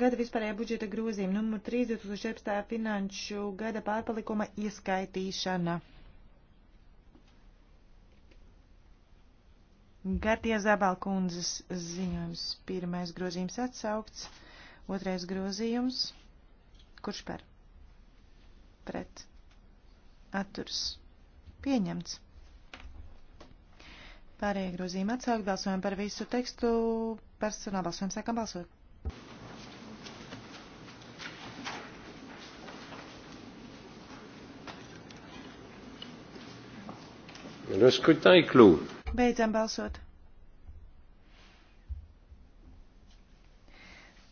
gada vispārējā budžeta grozījuma numur 3 2014. finanšu gada pārpalikuma ieskaitīšana. Gartie Zabalkundzes ziņojums. Pirmais grozījums atsaukts, otrais grozījums. Kurš par? Pret. Atturs. Pieņemts. Pārējie grozījumi atsaukt, balsojam par visu tekstu, personāla balsojumu sākam balsot. Le scrutin est clos. Beidzam balsot.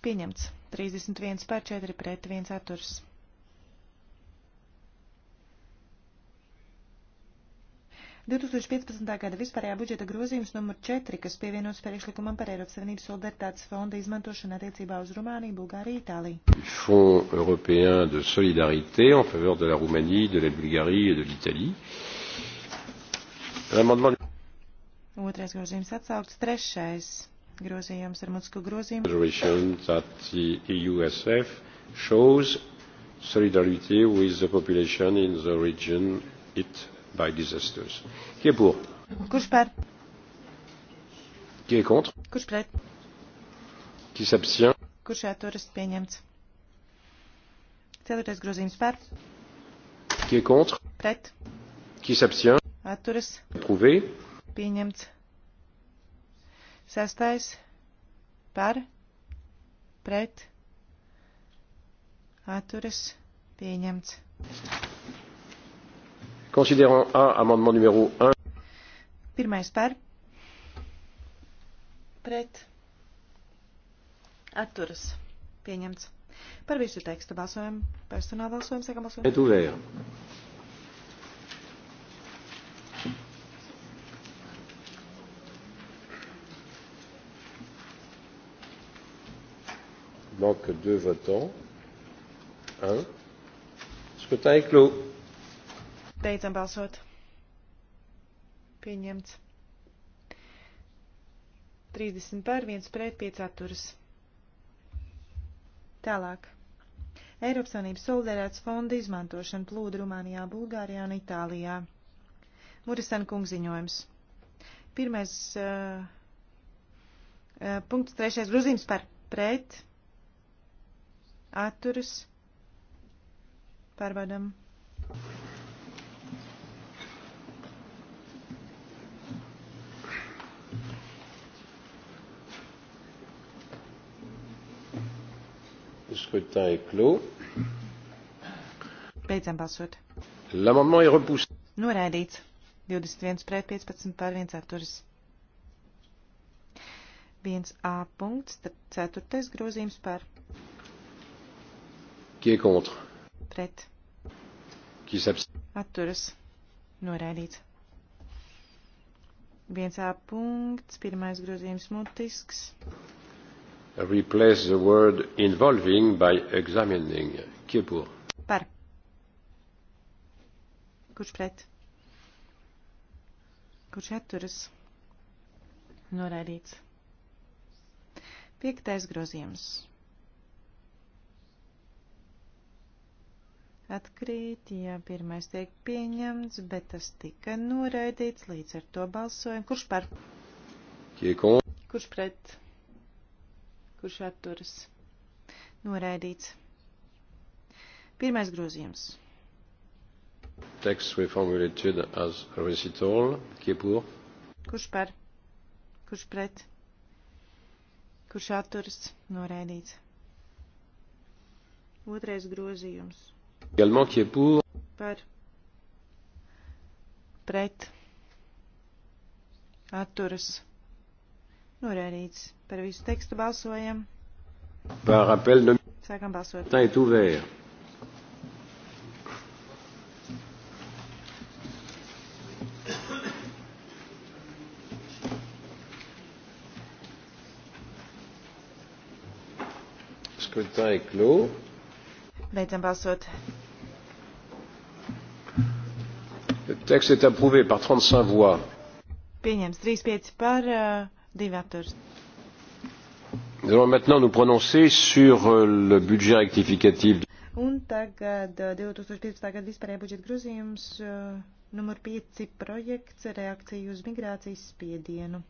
Pieņemts. 31 pār 4 pret 1 atturs. gada vispārējā budžeta grozījums numur 4, kas pievienots priekšlikumam par Eiropas Savienības solidaritātes fonda izmantošanu attiecībā uz Rumāniju, Bulgāriju, Itāliju. Fonds européen de solidarité en faveur de la Roumanie, de la Bulgarie et de l'Italie. L'amendement Otrais grozījums atsaukts. Trešais grozījums ar mutisku grozījumu. E shows solidarity with the population in the region hit by disasters. Qui est pour? Kurš par? Qui est contre? Kurš pret? Qui s'abstient? Kurš atturas pieņemts? Ceturtais grozījums par. Qui est contre? Pret. Qui s'abstient? Atturas. Approuvé pieņemts. Sestais par, pret, atturas, pieņemts. Considérant A, amendement numéro 1. Pirmais par, pret, atturas, pieņemts. Par visu tekstu balsojam, personāla balsojam, sekam balsojam. manque deux votants. Un. Scrutin est clos. Beidzam balsot. Pieņemts. 30 par, 1 pret, 5 atturas. Tālāk. Eiropas Savienības solidaritātes fonda izmantošana plūdu Rumānijā, Bulgārijā un Itālijā. Murisan kungziņojums. Pirmais uh, uh, punkts, trešais grozījums par pret atturas pārvadam. Scrutin est clos. Beidzam balsot. L'amendement est repoussé. Noraidīts. 21 pret 15 pār 1 atturas. 1A punkts, 4. grozījums par Qui est contre? Pret. Qui s'abstient? Atturas. Noraidīts. Viens A punkts, pirmais grozījums mutisks. Replace the word involving by examining. Qui est pour? Par. Kurš pret? Kurš atturas? Noraidīts. Piektais grozījums. atkrīt, ja pirmais tiek pieņemts, bet tas tika noraidīts, līdz ar to balsojam. Kurš par? Kiekon. Kurš pret? Kurš atturas? Noraidīts. Pirmais grozījums. Teksts reformulē tud as recital, kiepur. Kurš par? Kurš pret? Kurš atturas? Noraidīts. Otrais grozījums. Par. Pret. Atturas. Norēdīts. Par visu tekstu balsojam. Par appel de... Sākam balsot. Tā ir ouvert. Scrutin est clos. Beidzam balsot. Le texte est approuvé par 35 voix. Pieņems 35 par, 2 uh, atturs. Nous allons maintenant nous prononcer sur euh, le budget rectificatif. Un tagad 2015. Uh, gada vispārējā budžeta grozījums uh, numur 5 projekts reakcija uz migrācijas spiedienu.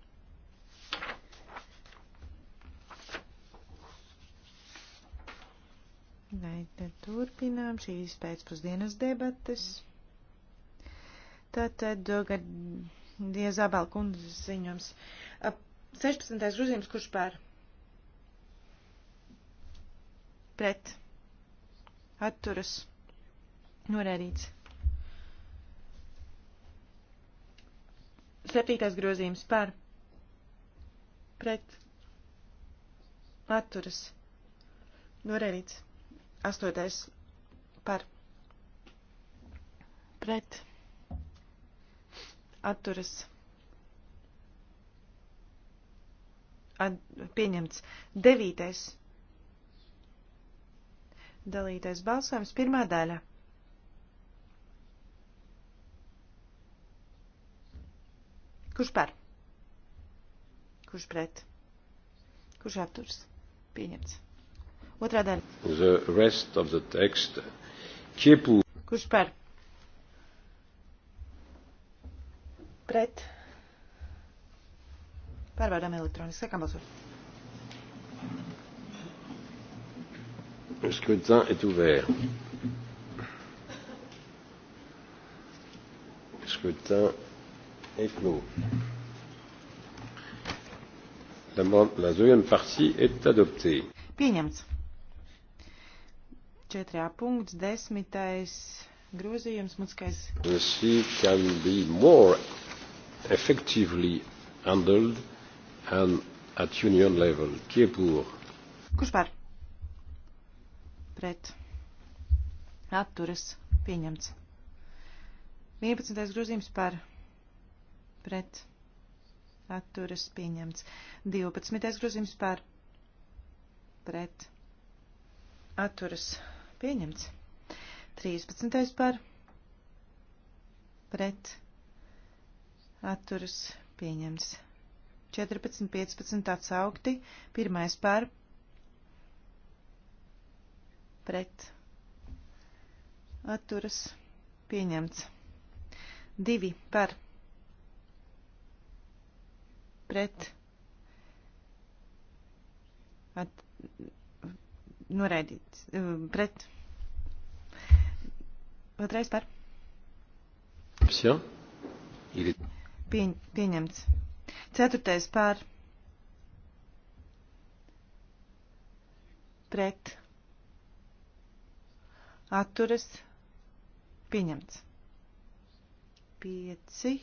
Nē, tad turpinām šīs pēcpusdienas debates. Tātad, kad Diezabela kundzes ziņums. 16. grozījums, kurš pār? Pret. Atturas. Norēdīts. 7. grozījums par. Pret. Atturas. Norēdīts. Astotais par pret atturas at, pieņemts. Devītais dalītais balsojums pirmā daļa. Kurš par? Kurš pret? Kurš atturs? Pieņemts. Otrā daļa. Kipu... Kurš par? Pret. Pārbaudām elektroniski. Sākam balsot. Le scrutin est ouvert. Le scrutin est clos. La, la deuxième partie est adoptée. Pieņemts. 4a punkts, desmitais grozījums, mutiskais. Policy can be more effectively handled and at union level. Qui est pour? Kurš par? Pret. Atturas. Pieņemts. 11. grozījums par. Pret. Atturas. Pieņemts. 12. grozījums par. Pret. Atturas pieņemts. 13. par pret atturas pieņemts. 14, 15 atsaukti, pirmais par pret atturas pieņemts. 2 par pret atturas noraidīts nu, pret. Otrais par. Pieņ, pieņemts. Ceturtais par. Pret. Atturas. Pieņemts. Pieci.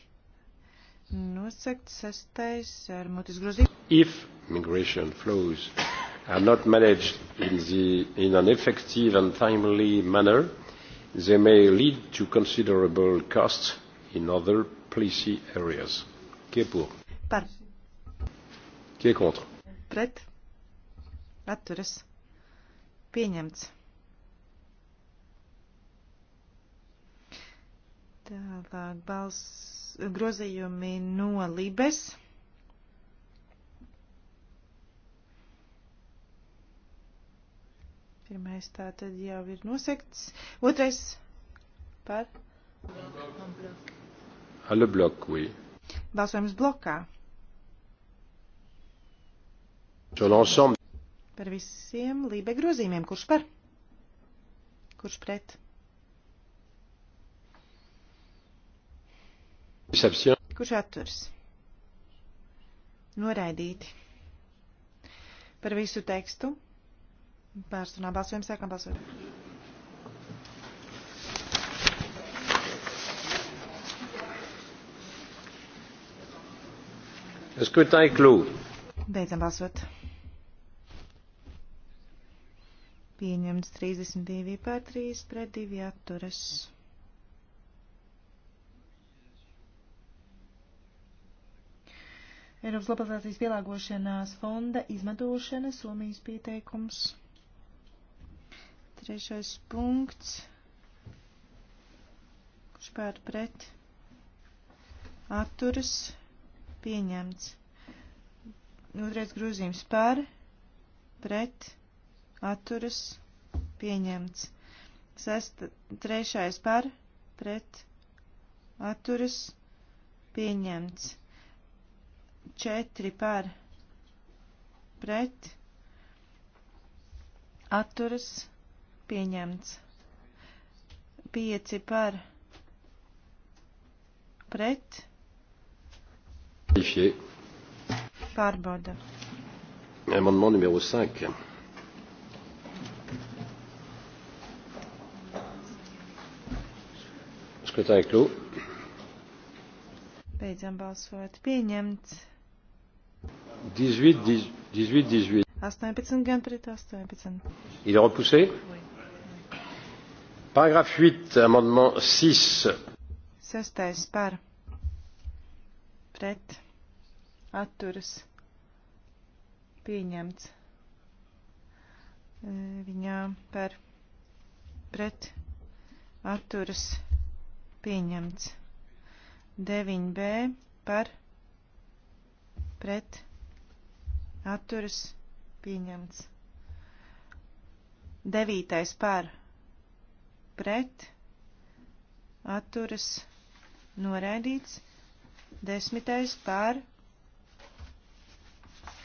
Nosakt sastais ar mutis grozījumu. If migration flows are not managed in, the, in an effective and timely manner, they may lead to considerable costs in other policy areas. Qui est pour Par. Qui est contre Pret. Atturas. Pieņemts. Tālāk balss grozījumi no Libes. Pirmais tā tad jau ir nosekts. Otrais par. Ah, le bloc, oui. Balsojums blokā. Sur l'ensemble. Par visiem lībe grozījumiem. Kurš par? Kurš pret? Kurš atturs? Noraidīti. Par visu tekstu. Personā balsojam, sākam balsot. Le scrutin est clos. Beidzam balsot. Pieņemts 32 pār 3 pret 2 atturas. Eiropas globalizācijas pielāgošanās fonda izmantošana Somijas pieteikums. Trešais punkts. Kurš pār pret? Atturas. Pieņemts. Otrais grozījums par, pret, atturas, pieņemts. Sest, trešais par, pret, atturas, pieņemts. Četri par, pret, atturas, pieņemts pieņemts. 5 par pret. Vérifié. Pārbauda. Amendement numéro 5. Scrutin est clos. Beidzam balsot. Pieņemts. 18, 18. 18 gan pret 18. Il est repoussé? Paragraf 8, amendement 6. Sestais par. Pret. Atturas. Pieņemts. E, viņā par. Pret. Atturas. Pieņemts. 9b par. Pret. Atturas. Pieņemts. Devītais par pret atturas noraidīts. Desmitais par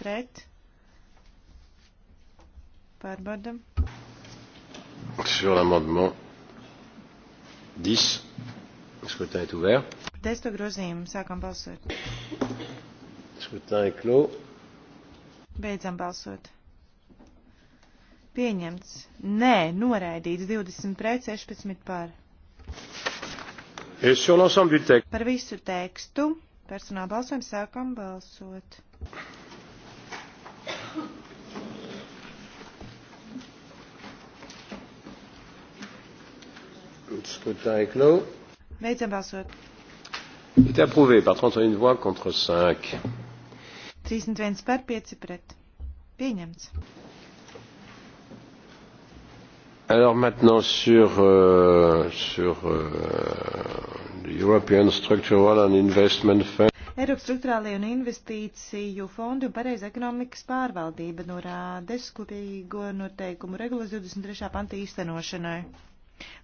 pret pārbaudam. Sur l'amendement 10, le scrutin est ouvert. Desto grozījumu sākam balsot. Scrutin est clos. Beidzam balsot. Pieņemts. Nē, noraidīts 20 pret 16 par. Par visu tekstu. Personāla balsojumu sākam balsot. Beidzam balsot. Il est approuvé par 31 voix contre 5. 31 par 5 pret. Pieņemts. Alors maintenant sur, euh, sur euh, European Structural and Investment Fund. Eiropas struktūrālajie un investīciju fondu un pareiz ekonomikas pārvaldība norādes kopīgo noteikumu regulas 23. panta īstenošanai.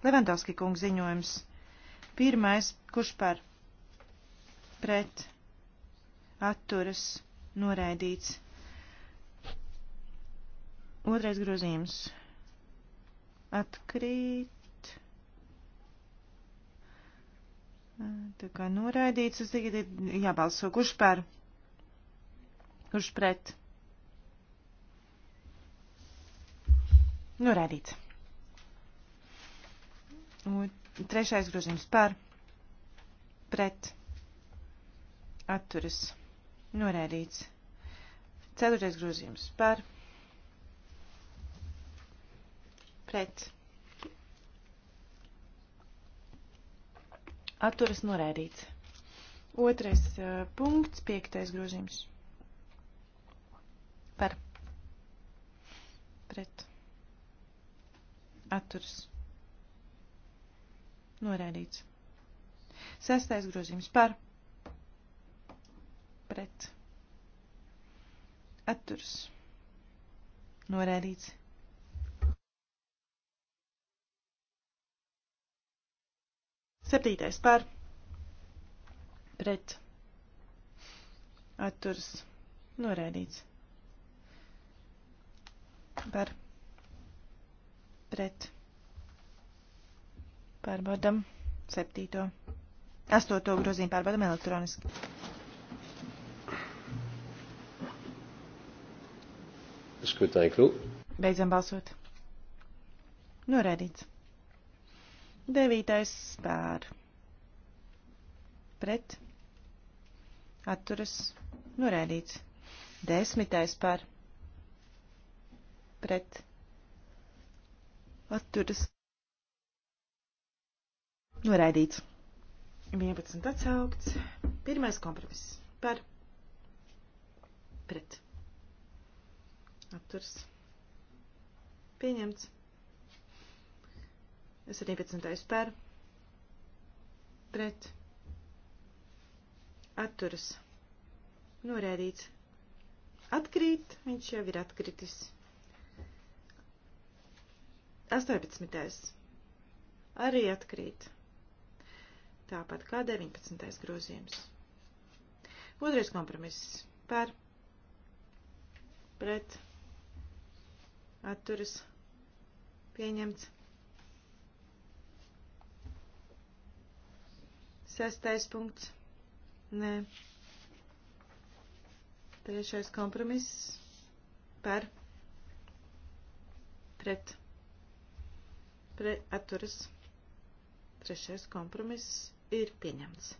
Levandovski kungs ziņojums. Pirmais, kurš par pret atturas noraidīts. Otrais grozījums atkrīt. Tā kā noraidīts, uz tagad ir jābalso. Kurš par? Kurš pret? Noraidīts. Un trešais grozījums par. Pret. Atturas. Noraidīts. Ceturtais grozījums par. pret atturas norēdīts. Otrais uh, punkts, piektais grozījums. Par. Pret. Atturs. Norēdīts. Sestais grozījums. Par. Pret. Atturs. Norēdīts. Septītais par pret atturs norēdīts. Par pret pārbaudam septīto. Astoto grozījumu pārbaudam elektroniski. Skatāju klūp. Beidzam balsot. Norēdīts. Devītais pār. Pret. Atturas. Norēdīts. Desmitais pār. Pret. Atturas. Norēdīts. 11 atsaukts. Pirmais kompromiss. Par. Pret. Atturas. Pieņemts. 17. par pret atturas norēdīts. Atkrīt, viņš jau ir atkritis. 18. arī atkrīt. Tāpat kā 19. grozījums. Otrais kompromiss par pret atturas pieņemts. Sestais punkts. Nē. Trešais kompromiss par pret. Pre, atturas. Trešais kompromiss ir pieņemts.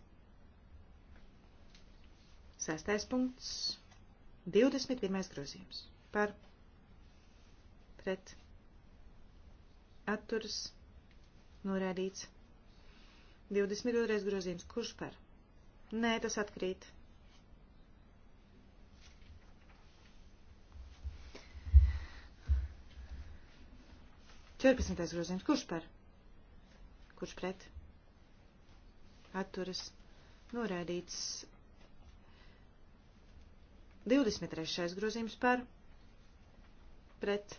Sestais punkts. 21. grozījums. Par pret atturas norādīts. 22. grozījums. Kurš par? Nē, tas atkrīt. Četrpadsmitais grozījums. Kurš par? Kurš pret? Atturas. Norādīts. 23. grozījums par. Pret.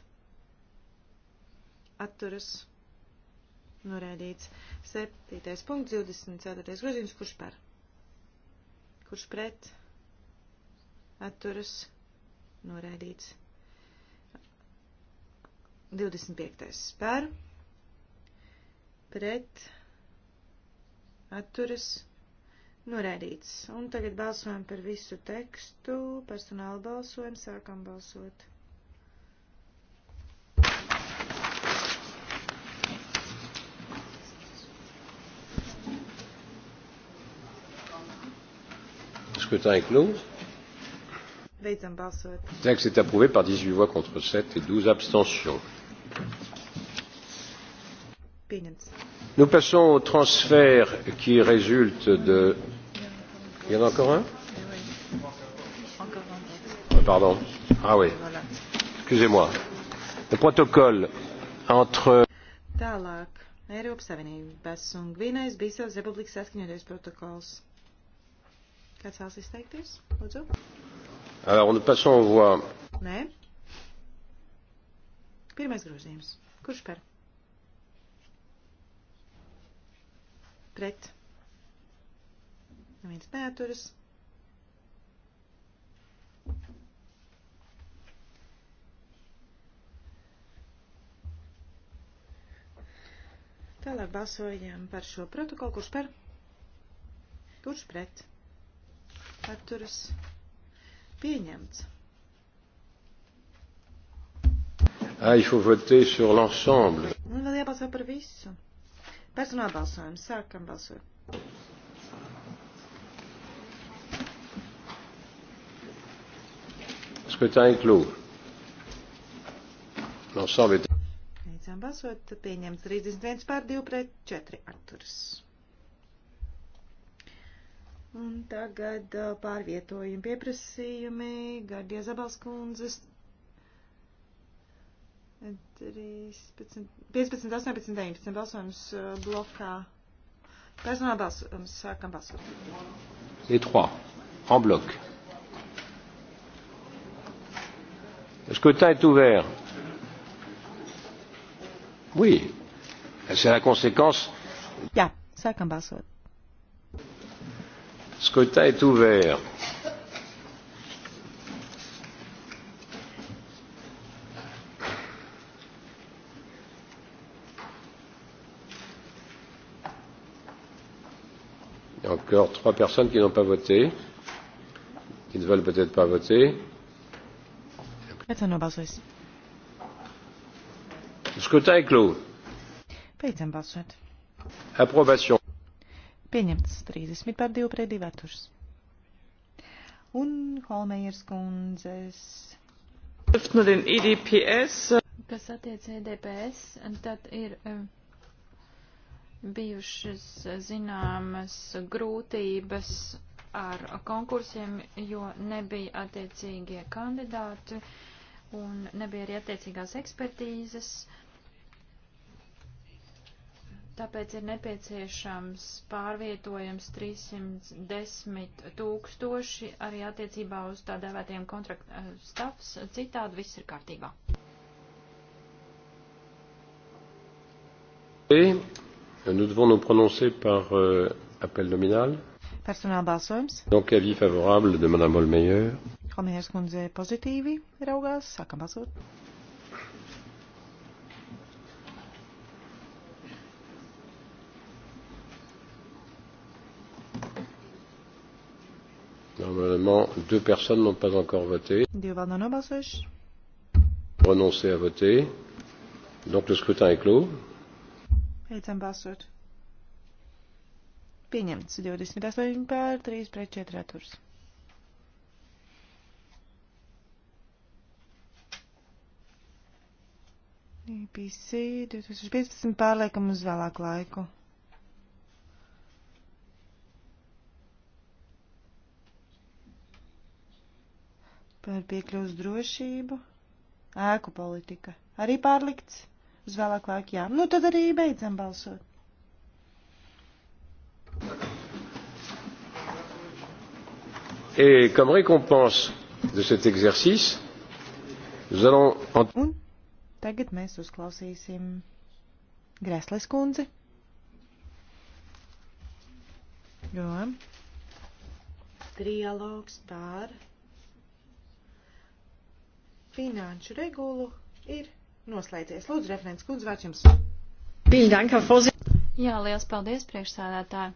Atturas. Norēdīts 7. punkts, 24. grozījums, kurš par? Kurš pret? Atturas. Norēdīts 25. par? Pret? Atturas. Norēdīts. Un tagad balsojam par visu tekstu. Personāla balsojumu sākam balsot. scrutin est clos. Beidzam balsot. Le texte est approuvé par 18 voix contre 7 et 12 abstentions. Pieņemts. Nous passons au transfert qui résulte de. Il y en a encore un Pardon. Ah oui. Excusez-moi. Le protocole entre. Tālāk. Eiropas Savienības un Gvinējas Bīseles Republikas saskaņoties protokols. Kāds vēlas izteikties? Lūdzu. Alors, nous passons au voie. Nē. Pirmais grozījums. Kurš par? Pret. Neviens neaturas. Tālāk balsojam par šo protokolu, kurš par, kurš pret, atturas pieņemts. Ah, il faut voter sur l'ensemble. Un vēl jābalso par visu. Personāla balsojums. Sākam balsot. Scrutin est clos. L'ensemble est. Beidzām balsot. Pieņemts 31 pār 2 pret 4 atturas. Un tagad uh, pārvietojumi pieprasījumi Gardie Zabalskundzes 13, 15, 18, 19 balsojums uh, blokā. Personāla balsojums sākam balsot. Les trois, en bloc. Le scrutin est ouvert. Oui, c'est la conséquence. Jā, sākam balsot scrutin est ouvert. Il y a encore trois personnes qui n'ont pas voté, qui ne veulent peut-être pas voter. Le scrutin est clos. Approbation. Pieņemts 30 par 2 pret 2 atturas. Un Holmeiers kundzes. Nu, e Kas attiec EDPS, tad ir bijušas zināmas grūtības ar konkursiem, jo nebija attiecīgie kandidāti un nebija arī attiecīgās ekspertīzes. Uh, Tāpēc ir nepieciešams pārvietojums 310 tūkstoši arī attiecībā uz tā dēvētajiem kontrakt eh, stāvs. Citādi viss ir kārtībā. Nous devons nous prononcer par euh, appel nominal. Personāla balsojums. Donc avis favorable de Madame Holmeyer. Holmeyer skundze pozitīvi raugās. Sākam balsot. Normalement, deux personnes n'ont pas encore voté. Renoncé à voter. Donc le scrutin est clos. Beidzam balsot. Pieņemts 28 pār 3 pret 4 atturs. IPC 2015 pārliekam uz vēlāku laiku. par piekļuvas drošību, ēku politika. Arī pārlikts uz vēlāku laiku, jā. Nu, tad arī beidzam balsot. Et comme récompense de cet exercice, nous allons... Un tagad mēs uzklausīsim Gresles kundzi. Jo. Trialogs par finanšu regulu ir noslēdzies. Lūdzu, referents kundze, vārds jums. Jā, liels paldies, priekšsēdētāji.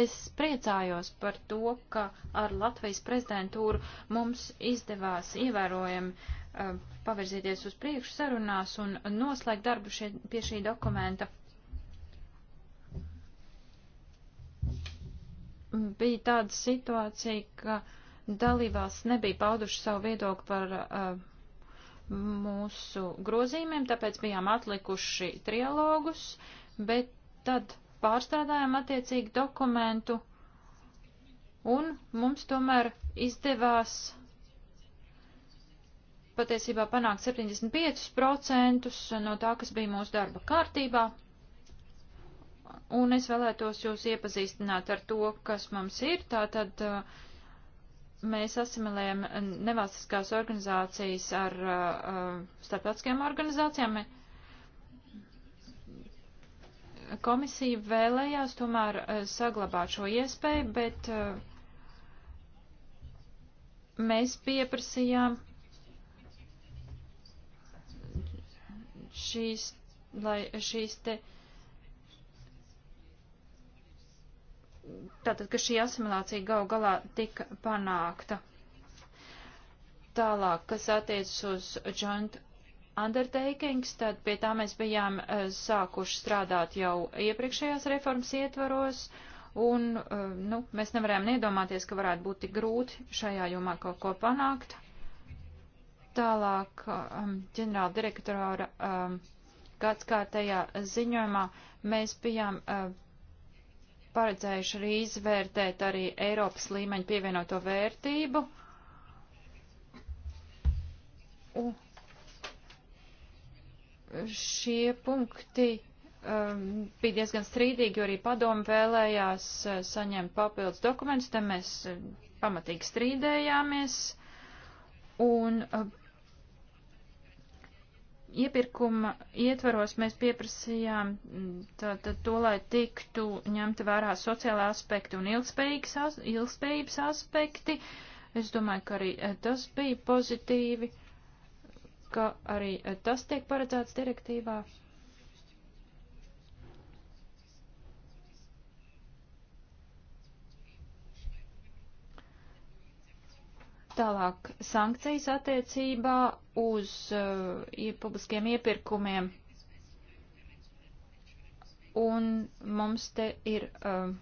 Es priecājos par to, ka ar Latvijas prezidentūru mums izdevās ievērojami uh, pavirzīties uz priekšu sarunās un noslēgt darbu šie, pie šī dokumenta. Bija tāda situācija, ka dalībās nebija pauduši savu viedokli par uh, mūsu grozījumiem, tāpēc bijām atlikuši trialogus, bet tad pārstrādājām attiecīgi dokumentu un mums tomēr izdevās patiesībā panākt 75% no tā, kas bija mūsu darba kārtībā. Un es vēlētos jūs iepazīstināt ar to, kas mums ir. Tātad uh, mēs asimilējam nevalstiskās organizācijas ar uh, starptautiskajām organizācijām. Komisija vēlējās tomēr uh, saglabāt šo iespēju, bet uh, mēs pieprasījām šīs, lai šīs te uh, tātad, ka šī asimilācija gal galā tika panākta. Tālāk, kas attiecas uz joint undertakings, tad pie tā mēs bijām uh, sākuši strādāt jau iepriekšējās reformas ietvaros, un, uh, nu, mēs nevarējām iedomāties, ka varētu būt tik grūti šajā jomā kaut ko panākt. Tālāk, um, e, ģenerāla direktora um, gadskārtējā ziņojumā mēs bijām uh, paredzējuši arī izvērtēt arī Eiropas līmeņa pievienoto vērtību. U, šie punkti um, bija diezgan strīdīgi, jo arī padomu vēlējās uh, saņemt papildus dokumentus, te mēs uh, pamatīgi strīdējāmies. Un uh, iepirkuma ietvaros mēs pieprasījām mm, tā, tā, to, lai tiktu ņemta vērā sociālā aspekta un as, ilgspējības aspekti. Es domāju, ka arī e, tas bija pozitīvi, ka arī e, tas tiek paredzēts direktīvā. Tālāk sankcijas attiecībā uz uh, publiskiem iepirkumiem. Un mums te ir uh,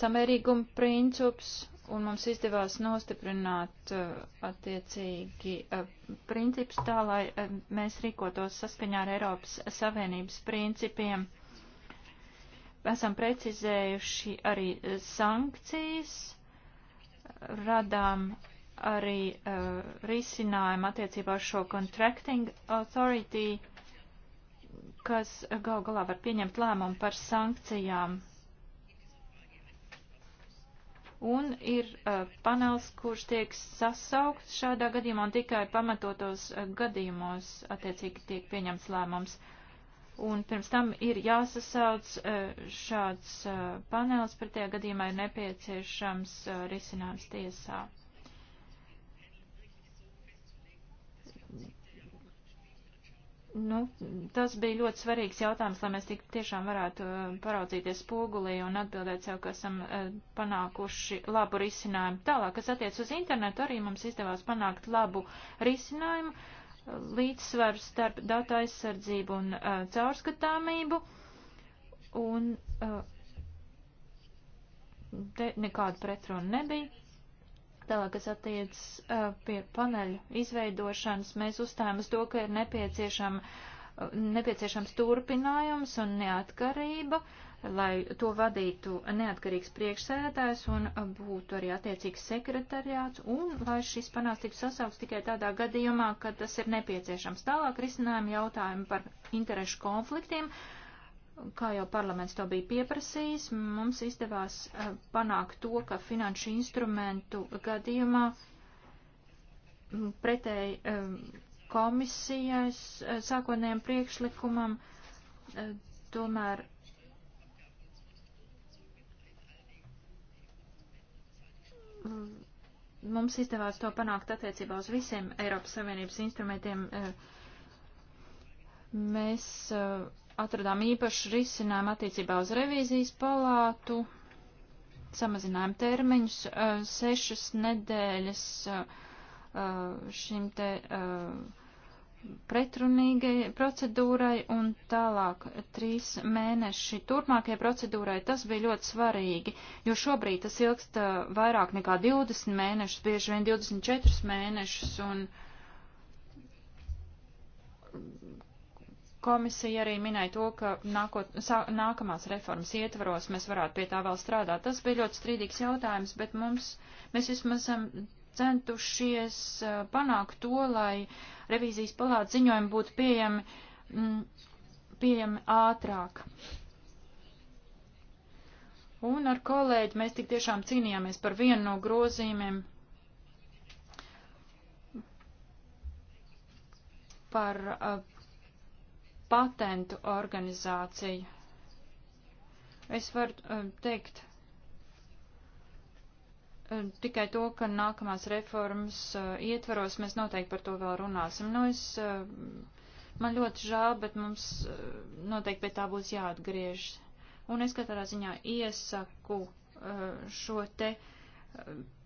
samērīguma princips, un mums izdevās nostiprināt uh, attiecīgi uh, principus tā, lai uh, mēs rīkotos saskaņā ar Eiropas Savienības principiem. Esam precizējuši arī uh, sankcijas radām arī uh, risinājumu attiecībā ar šo contracting authority, kas gal galā var pieņemt lēmumu par sankcijām. Un ir uh, panels, kurš tiek sasaukts šādā gadījumā un tikai pamatotos uh, gadījumos attiecīgi tiek pieņemts lēmums. Un pirms tam ir jāsasauc uh, šāds uh, panels, pretējā gadījumā ir nepieciešams uh, risinājums tiesā. Nu, tas bija ļoti svarīgs jautājums, lai mēs tik tiešām varētu uh, paraudzīties spogulī un atbildēt sev, ka esam uh, panākuši labu risinājumu. Tālāk, kas attiec uz internetu, arī mums izdevās panākt labu risinājumu, uh, līdzsvaru starp datu aizsardzību un uh, caurskatāmību. Un uh, te nekādu pretrunu nebija. Tālāk, kas attiec uh, pie paneļu izveidošanas, mēs uzstājam uz to, ka ir nepieciešama uh, nepieciešams turpinājums un neatkarība, lai to vadītu neatkarīgs priekšsēdētājs un uh, būtu arī attiecīgs sekretariāts, un lai šis panāks tiktu sasaugs tikai tādā gadījumā, kad tas ir nepieciešams. Tālāk risinājumi jautājumi par interešu konfliktiem, uh, kā jau parlaments to bija pieprasījis, mums izdevās eh, panākt to, ka finanšu instrumentu gadījumā pretēji eh, komisijas eh, sākotnējiem priekšlikumam tomēr mums izdevās to panākt attiecībā uz visiem Eiropas Savienības instrumentiem. Mēs uh, atradām īpašu risinājumu attiecībā uz revīzijas palātu, samazinājām termiņus eh, sešas nedēļas eh, eh, šim te pretrunīgai procedūrai un tālāk trīs mēneši turpmākajai procedūrai, tas bija ļoti svarīgi, jo šobrīd tas ilgst vairāk nekā 20 mēnešus, bieži vien 24 mēnešus, un Komisija arī minēja to, ka nākot, sā, nākamās reformas ietvaros mēs varētu pie tā vēl strādāt. Tas bija ļoti strīdīgs jautājums, bet mums, mēs vismaz esam centušies eh, panākt to, lai revīzijas palāta ziņojumi būtu pieejami, m, mm, pieejami ātrāk. Un ar kolēģi mēs tik tiešām cīnījāmies par vienu no grozījumiem, par uh, patentu organizāciju. Es varu um, teikt um, tikai to, ka nākamās reformas uh, ietvaros mēs noteikti par to vēl runāsim. Nu, es, uh, man ļoti žēl, bet mums uh, noteikti pie tā būs jāatgriež. Un es katrā ziņā iesaku uh, šo te uh,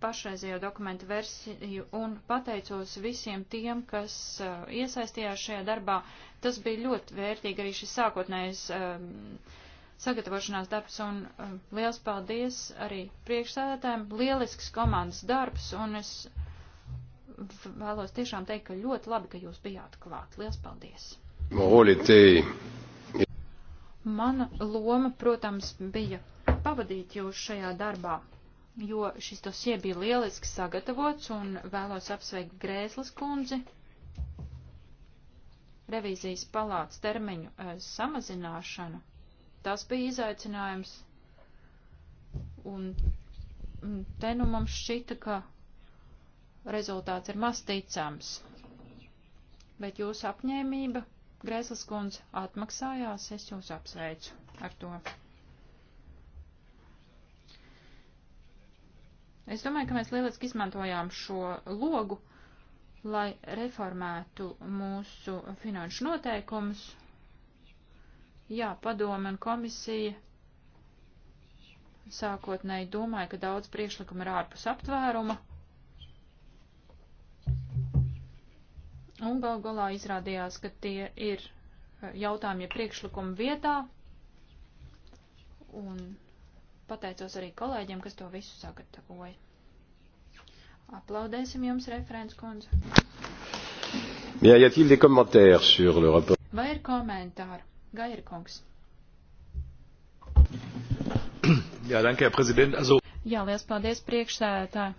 pašreizējo dokumentu versiju un pateicos visiem tiem, kas uh, iesaistījās šajā darbā. Tas bija ļoti vērtīgi arī šis sākotnējais um, sagatavošanās darbs un um, liels paldies arī priekšsēdētājiem. Lielisks komandas darbs un es vēlos tiešām teikt, ka ļoti labi, ka jūs bijāt klāt. Liels paldies! Mana loma, protams, bija pavadīt jūs šajā darbā jo šis dosie bija lieliski sagatavots un vēlos apsveikt Grēzlas kundzi. Revīzijas palāts termiņu e, eh, samazināšanu. Tas bija izaicinājums. Un mm, te nu mums šķita, ka rezultāts ir maz ticams. Bet jūsu apņēmība, Grēzlas kundze, atmaksājās. Es jūs apsveicu ar to. Es domāju, ka mēs lieliski izmantojām šo logu, lai reformētu mūsu finanšu noteikumus. Jā, padome un komisija sākotnēji domāja, ka daudz priekšlikumu ir ārpus aptvēruma. Un gal galā izrādījās, ka tie ir jautājumi priekšlikumu vietā. Un pateicos arī kolēģiem, kas to visu sagatavoja. Aplaudēsim jums, referents kundze. Bien, y a-t-il des commentaires sur le rapport? Vai ir komentāri? Gaira kungs. Jā, danke, Herr Präsident. Also... Jā, liels paldies priekšsētāji.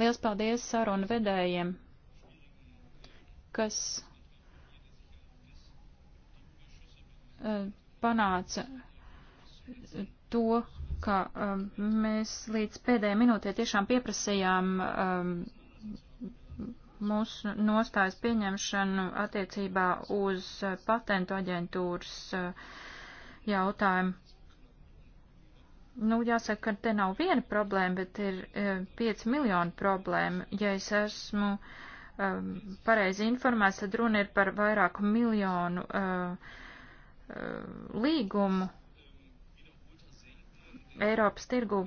Liels paldies sarunu vedējiem, kas eh, panāca to, ka um, mēs līdz pēdējai minūtē tiešām pieprasījām um, mūsu nostājas pieņemšanu attiecībā uz uh, patentu aģentūras uh, jautājumu. Nu, jāsaka, ka te nav viena problēma, bet ir uh, 5 miljonu problēma. Ja es esmu um, pareizi informēts, tad runa ir par vairāku miljonu uh, uh, līgumu Eiropas tirgu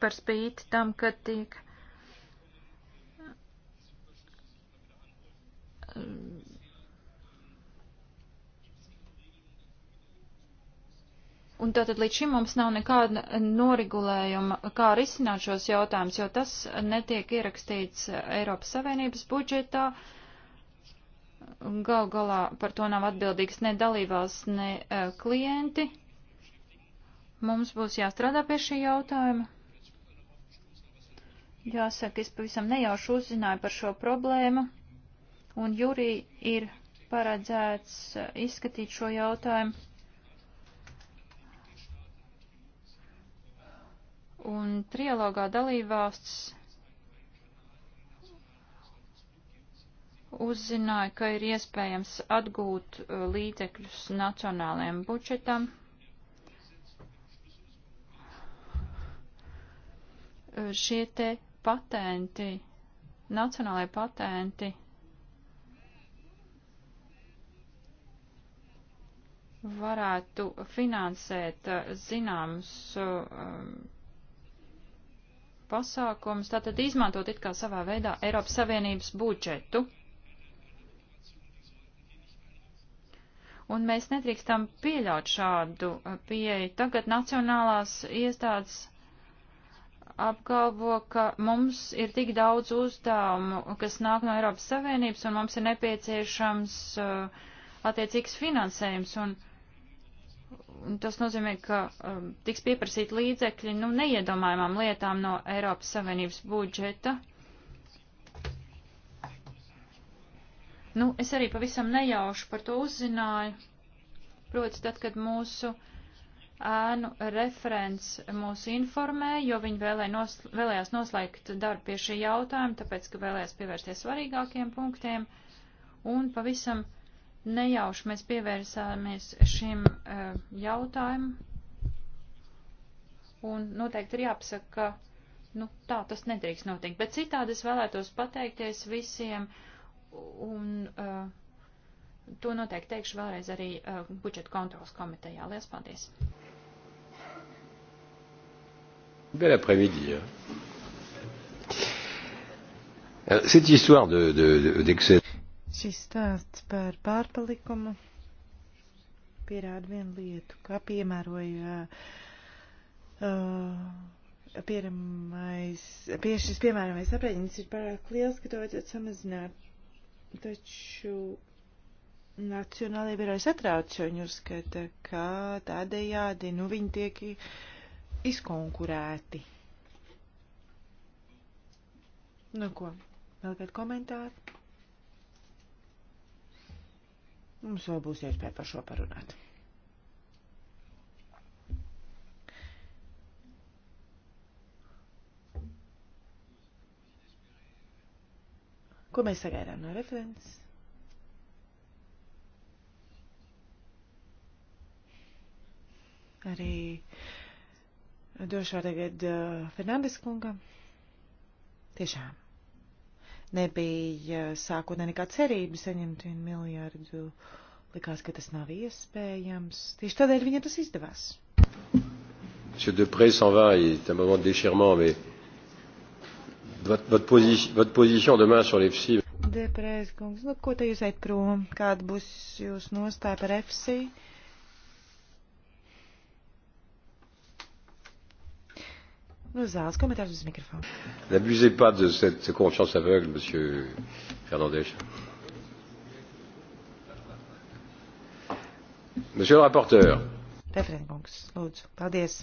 par spīti tam, ka tiek Un tātad līdz šim mums nav nekāda noregulējuma, kā risināt šos jautājumus, jo tas netiek ierakstīts Eiropas Savienības budžetā. Gal galā par to nav atbildīgs ne dalībās, ne eh, klienti. Uh, Mums būs jāstrādā pie šī jautājuma. Jāsaka, es pavisam nejauši uzzināju par šo problēmu, un jūrī ir paredzēts eh, izskatīt šo jautājumu. Un trialogā dalībvalsts uzzināja, ka ir iespējams atgūt eh, līdzekļus nacionālajiem budžetam šie te patenti, nacionālajie patenti varētu finansēt uh, zināmus um, pasākums, tātad izmantot it kā savā veidā Eiropas Savienības budžetu. Un mēs nedrīkstam pieļaut šādu uh, pieeju. Tagad nacionālās iestādes apgalvo, ka mums ir tik daudz uzdevumu, kas nāk no Eiropas Savienības, un mums ir nepieciešams uh, attiecīgs finansējums. Un, un tas nozīmē, ka um, tiks pieprasīt līdzekļi nu, neiedomājumām lietām no Eiropas Savienības budžeta. Nu, es arī pavisam nejauši par to uzzināju. Proti, tad, kad mūsu uh, ēnu referents mūs informē, jo viņi vēlēja nosl vēlējās noslēgt darbu pie šī jautājuma, tāpēc, ka vēlējās pievērsties svarīgākiem punktiem. Un pavisam nejauši mēs pievērsāmies šim uh, jautājumam. Un noteikti ir jāpasaka, ka nu, tā tas nedrīkst notikt. Bet citādi es vēlētos pateikties visiem un. Uh, To noteikti teikšu vēlreiz arī uh, budžeta kontrolas komitejā. Lielas paldies! Bel après-midi. Hein. Euh, cette histoire d'excès. De, de, Šis stāsts par pārpalikumu pierāda vienu lietu, kā piemēroja uh, pieramais, pie šis piemēramais aprēķins ir pārāk liels, ka to vajadzētu samazināt. Taču Nacionālajie biroji satrauc, jo viņi uzskata, ka tādējādi, nu, viņi tiek izkonkurēti. Nu ko, vēl kādi komentāri? Mums vēl būs iespēja par šo parunāt. Ko mēs sagaidām no referents? Arī uh, Došu tagad uh, Fernandes kungam. Tiešām. Nebija uh, sākotnē nekā cerība saņemt vienu miljārdu. Likās, ka tas nav iespējams. Tieši tādēļ viņai tas izdevās. Monsieur Depré s'en va, c'est un moment de déchirement, mais votre, votre, posi votre position demain sur les FSI. Depré, kungs, nu, ko te jūs eit prom? Kāda būs jūsu nostāja par FSI? No zāles komentārs uz mikrofonu. N'abusez pas de cette confiance aveugle, monsieur Fernandez. Monsieur le rapporteur. Referentkungs, lūdzu, paldies.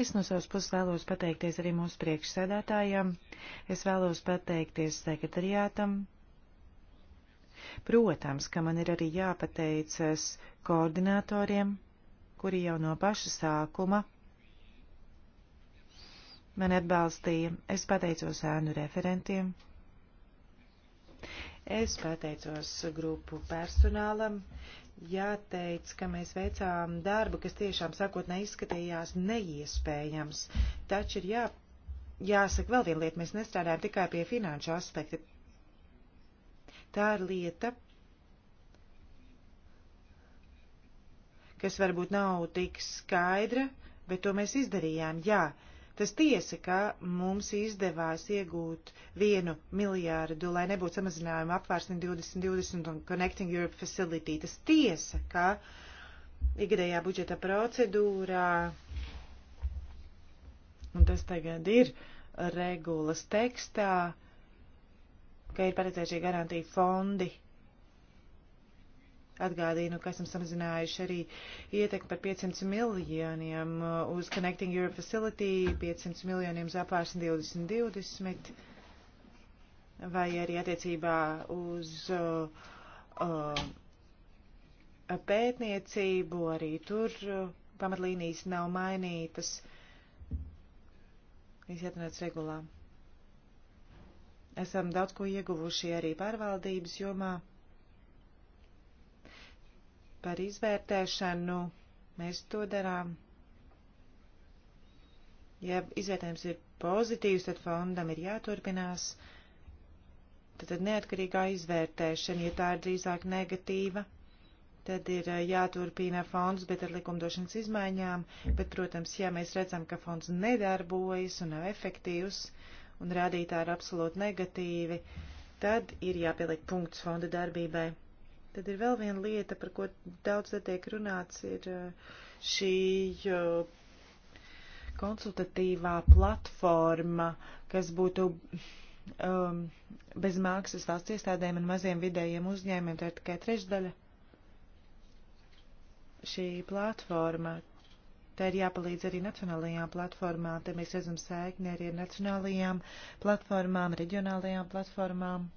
Es no savas puses vēlos pateikties arī mūsu priekšsēdētājiem. Es vēlos pateikties sekretariātam. Protams, ka man ir arī jāpateicas koordinatoriem, kuri jau no paša sākuma mani atbalstīja. Es pateicos ēnu referentiem. Es pateicos grupu personālam. Jāteic, ka mēs veicām darbu, kas tiešām sākotnē izskatījās neiespējams. Taču ir jā, jāsaka vēl viena lieta, mēs nestrādājam tikai pie finanšu aspekta. Tā ir lieta, kas varbūt nav tik skaidra, bet to mēs izdarījām. Jā, uh, Tas tiesa, ka mums izdevās iegūt vienu miljārdu, lai nebūtu samazinājuma apvērsni 2020 un Connecting Europe Facility. Tas tiesa, ka ikgadējā budžeta procedūrā, un tas tagad ir regulas tekstā, ka ir paredzēti šie garantija fondi Atgādīju, nu, ka esam samazinājuši arī ietekmi par 500 miljoniem uh, uz Connecting Europe Facility, 500 miljoniem uz apvārsni 2020, vai arī attiecībā uz uh, uh, pētniecību, arī tur uh, pamatlīnijas nav mainītas. Izietinēts regulā. Esam daudz ko ieguvuši arī pārvaldības jomā par izvērtēšanu. Mēs to darām. Ja izvērtējums ir pozitīvs, tad fondam ir jāturpinās. Tad, tad neatkarīgā izvērtēšana, ja tā ir drīzāk negatīva, tad ir eh, jāturpina fonds, bet ar likumdošanas izmaiņām. Bet, protams, ja mēs redzam, ka fonds nedarbojas un nav efektīvs un rādītāji ir absolūti negatīvi, tad ir jāpieliek punkts fonda darbībai. Tad ir vēl viena lieta, par ko daudz tiek runāts, ir eh, šī konsultatīvā platforma, kas būtu um, bez maksas valsts iestādēm un maziem vidējiem uzņēmiem, tā ir tikai trešdaļa. Šī platforma, tā ir jāpalīdz arī nacionālajām platformām, te mēs redzam sēkni arī ar nacionālajām platformām, reģionālajām platformām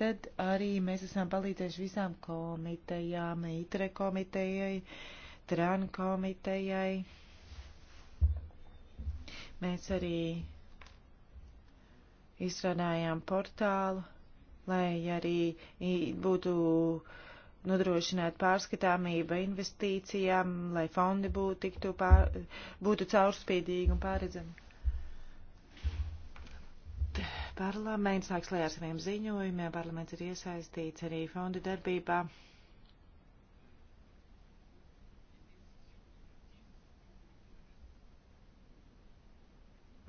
tad arī mēs esam palīdzējuši visām komitejām, ITRE komitejai, TRAN komitejai. Mēs arī izstrādājām portālu, lai arī būtu nodrošināt pārskatāmība investīcijām, lai fondi būtu, tiktu pār, būtu caurspīdīgi un pārredzami parlaments nāks lejā ar saviem ziņojumiem, parlaments ir iesaistīts arī fonda darbībā.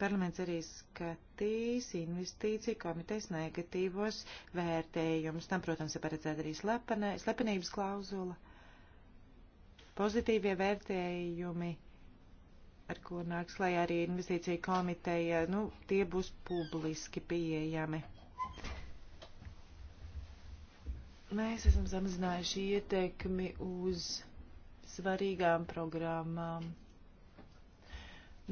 Parlaments arī skatīs investīciju komitejas negatīvos vērtējumus. Tam, protams, ir paredzēta arī slepenē, slepenības klauzula. Pozitīvie vērtējumi ar ko nāks lai arī investīcija komiteja, nu, tie būs publiski pieejami. Mēs esam samazinājuši ietekmi uz svarīgām programmām.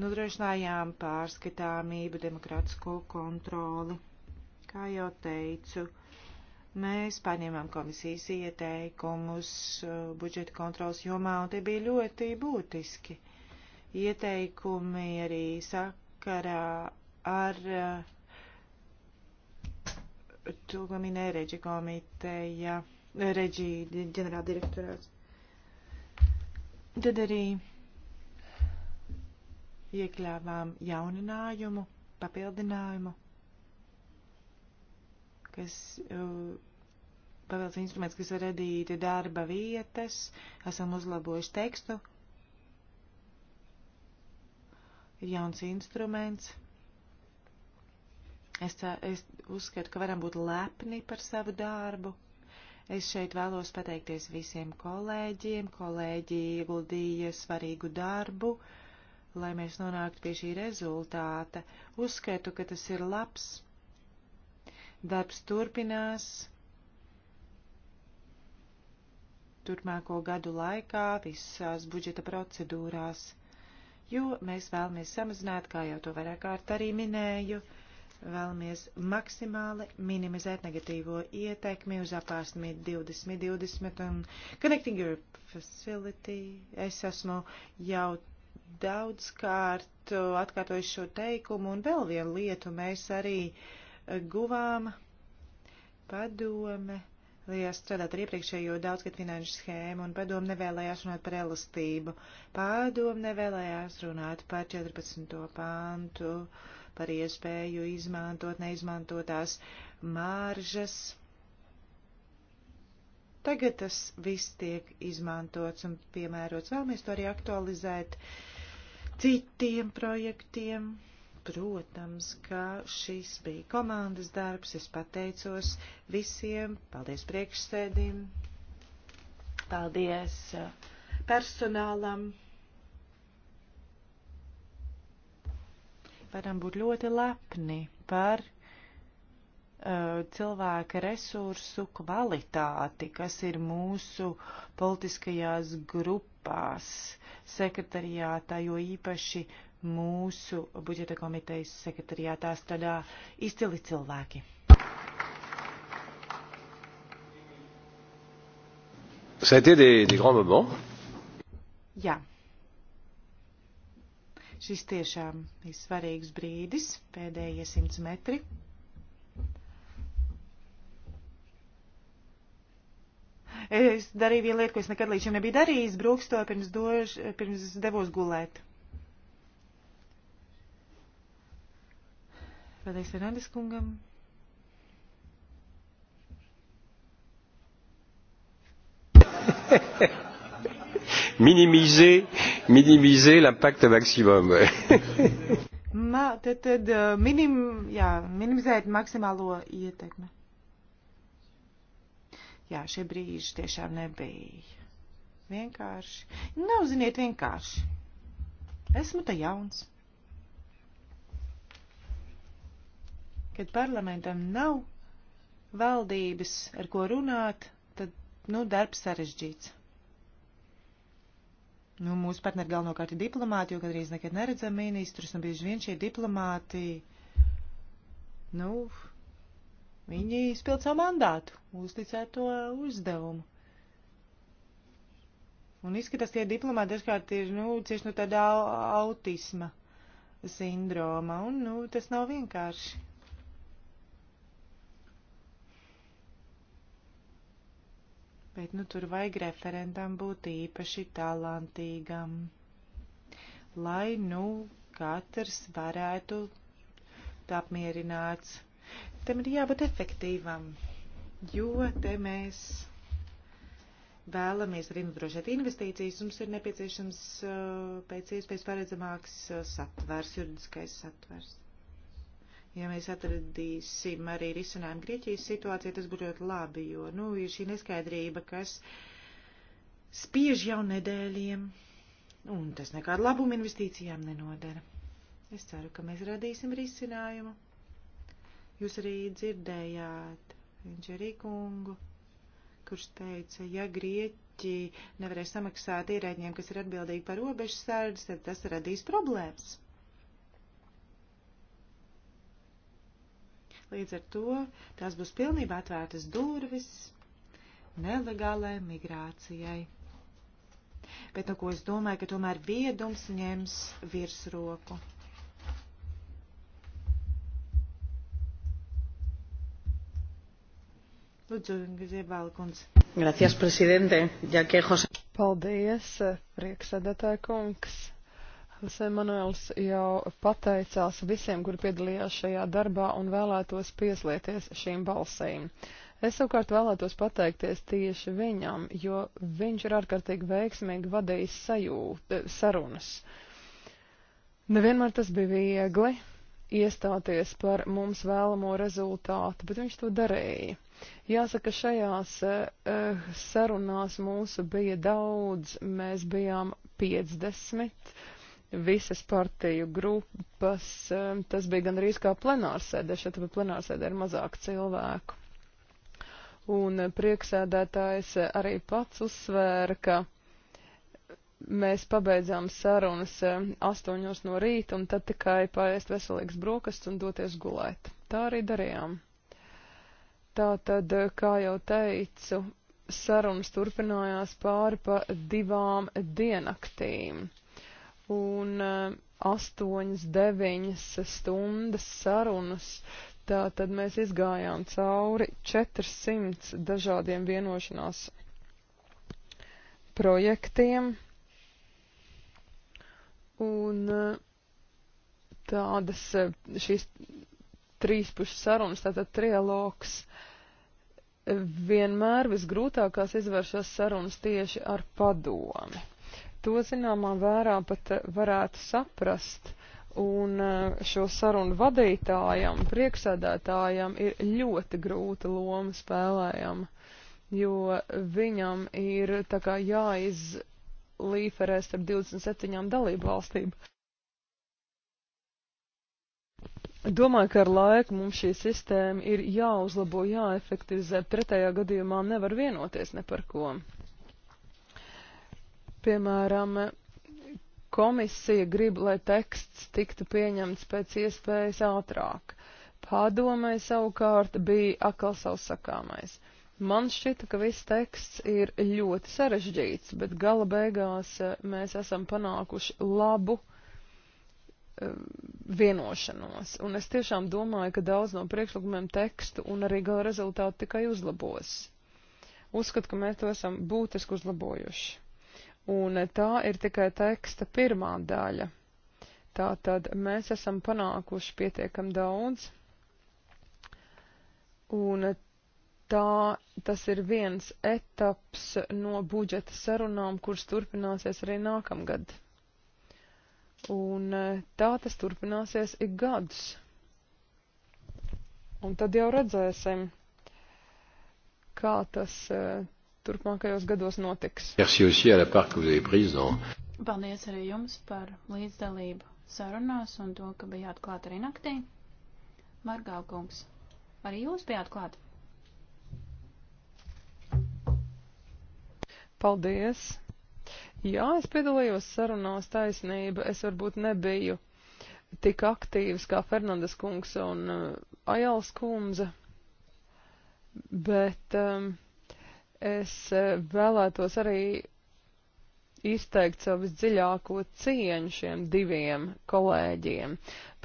Nodrošinājām pārskatāmību, demokrātisko kontroli. Kā jau teicu, mēs paņēmām komisijas ieteikumus uh, budžeta kontrolas jomā, un tie bija ļoti būtiski. Uh, ieteikumi arī sakarā ar eh, to, ko minēja reģi komiteja, reģi ģenerāldirektorāts. Tad arī iekļāvām jauninājumu, papildinājumu, kas eh, papildus instruments, kas var radīt darba vietas, esam uzlabojuši tekstu, ir jauns instruments. Es, tā, es uzskatu, ka varam būt lepni par savu darbu. Es šeit vēlos pateikties visiem kolēģiem. Kolēģi ieguldīja svarīgu darbu, lai mēs nonāktu pie šī rezultāta. Uzskatu, ka tas ir labs. Darbs turpinās turpmāko gadu laikā visās budžeta procedūrās jo mēs vēlamies samazināt, kā jau to vairāk kārt arī minēju, vēlamies maksimāli minimizēt negatīvo ietekmi uz apārsmi 2020 un Connecting Europe Facility. Es esmu jau daudz kārt atkārtojuši šo teikumu un vēl vienu lietu mēs arī guvām padome vēlējās strādāt ar iepriekšējo daudzgad finanšu schēmu un padomu nevēlējās runāt par elastību. Padomu nevēlējās runāt par 14. pantu, par iespēju izmantot neizmantotās māržas. Tagad tas viss tiek izmantots un piemērots. Vēlamies to arī aktualizēt citiem projektiem. Protams, ka šis bija komandas darbs. Es pateicos visiem. Paldies priekšsēdim. Paldies eh, personālam. Varam būt ļoti lepni par eh, cilvēka resursu kvalitāti, kas ir mūsu politiskajās grupās, sekretariātā, jo īpaši mūsu budžeta komitejas sekretariātā strādā izcili cilvēki. Ça a été des, des grands moments. Jā. Šis tiešām ir svarīgs brīdis, pēdējie simts metri. Es darīju vienu lietu, ko es nekad līdz šim nebiju darījis, brūkstoju pirms, dož, pirms devos gulēt. Paldies Fernandes kungam. minimiser, minimiser l'impact maximum. Ma, tad, tad uh, minim, jā, minimizēt maksimālo ietekmi. Jā, šie brīži tiešām nebija. Vienkārši. Nav, nu, ziniet, vienkārši. Esmu te jauns. Kad parlamentam nav valdības, ar ko runāt, tad, nu, darbs sarežģīts. Nu, mūsu partneri galvenokārt ir diplomāti, jo gandrīz nekad neredzam ministrus, un bieži vien šie diplomāti, nu, viņi izpild savu mandātu, uzticēto uzdevumu. Un izskatās, tie diplomāti dažkārt ir, nu, cieši no nu, tāda autisma sindroma, un, nu, tas nav vienkārši. Bet, nu, tur vajag referentam būt īpaši talantīgam, lai, nu, katrs varētu apmierināts. Tam ir jābūt efektīvam, jo te mēs vēlamies arī nodrošināt investīcijas, mums ir nepieciešams uh, pēc iespējas paredzamāks uh, satvers, juridiskais satvers. Ja mēs atradīsim arī risinājumu Grieķijas situācijai, tas būtu ļoti labi, jo, nu, ir šī neskaidrība, kas spiež jau nedēļiem, un tas nekādu labumu investīcijām nenodara. Es ceru, ka mēs radīsim risinājumu. Jūs arī dzirdējāt Inžerī kungu, kurš teica, ja Grieķi nevarēs samaksāt ierēģiem, kas ir atbildīgi par robežu sārdas, tad tas radīs problēmas. Līdz ar to tās būs pilnībā atvērtas durvis nelegālai migrācijai. Bet no ko es domāju, ka tomēr viedums ņems virsroku. Lūdzu, Ziebāla kundze. Gracias, presidente, ja que Jose. Paldies, prieksēdētāja kungs. Jose Manuels jau pateicās visiem, kuri piedalījās šajā darbā un vēlētos pieslieties šīm balsīm. Es savukārt vēlētos pateikties tieši viņam, jo viņš ir ārkārtīgi veiksmīgi vadījis sajūt, sarunas. Nevienmēr tas bija viegli iestāties par mums vēlamo rezultātu, bet viņš to darīja. Jāsaka, šajās uh, sarunās mūsu bija daudz, mēs bijām 50 visas partiju grupas. Eh, tas bija gan arī kā plenārsēdē, šeit plenārsēdē ir mazāk cilvēku. Un prieksēdētājs arī pats uzsvēra, ka mēs pabeidzām sarunas eh, astoņos no rīta un tad tikai paēst veselīgs brokastis un doties gulēt. Tā arī darījām. Tā tad, eh, kā jau teicu, sarunas turpinājās pāri pa divām dienaktīm un eh, astoņas, deviņas stundas sarunas. Tā tad mēs izgājām cauri 400 dažādiem vienošanās projektiem. Un eh, tādas eh, šīs trīspušu sarunas, tātad trialogs, vienmēr visgrūtākās izvēršas sarunas tieši ar padomi. To zināmā vērā pat eh, varētu saprast. Un eh, šo sarunu vadītājam, priekšsēdētājam ir ļoti grūta loma spēlējama, jo viņam ir tā kā jāizlīferē starp 27 dalību valstīm. Domāju, ka ar laiku mums šī sistēma ir jāuzlabo, jāefektivizē, pretējā gadījumā nevar vienoties ne par ko. Piemēram, komisija grib, lai teksts tiktu pieņemts pēc iespējas ātrāk. Padomē savukārt bija akal savs sakāmais. Man šķita, ka viss teksts ir ļoti sarežģīts, bet gala beigās eh, mēs esam panākuši labu eh, vienošanos, un es tiešām domāju, ka daudz no priekšlikumiem tekstu un arī gala rezultātu tikai uzlabos. Uzskatu, ka mēs to esam būtiski uzlabojuši un tā ir tikai teksta pirmā daļa. Tātad mēs esam panākuši pietiekam daudz, un tā, tas ir viens etaps no budžeta sarunām, kuras turpināsies arī nākamgad. Un tā tas turpināsies ik gadus. Un tad jau redzēsim, kā tas eh, turpmākajos gados notiks. Paldies arī jums par līdzdalību sarunās un to, ka bijāt klāt arī naktī. Margāl kungs, arī jūs bijāt klāt? Paldies! Jā, es piedalījos sarunās taisnība. Es varbūt nebiju tik aktīvs kā Fernandes kungs un uh, Ajāls kundze, bet um, Es eh, vēlētos arī izteikt savu visdziļāko cieņu šiem diviem kolēģiem.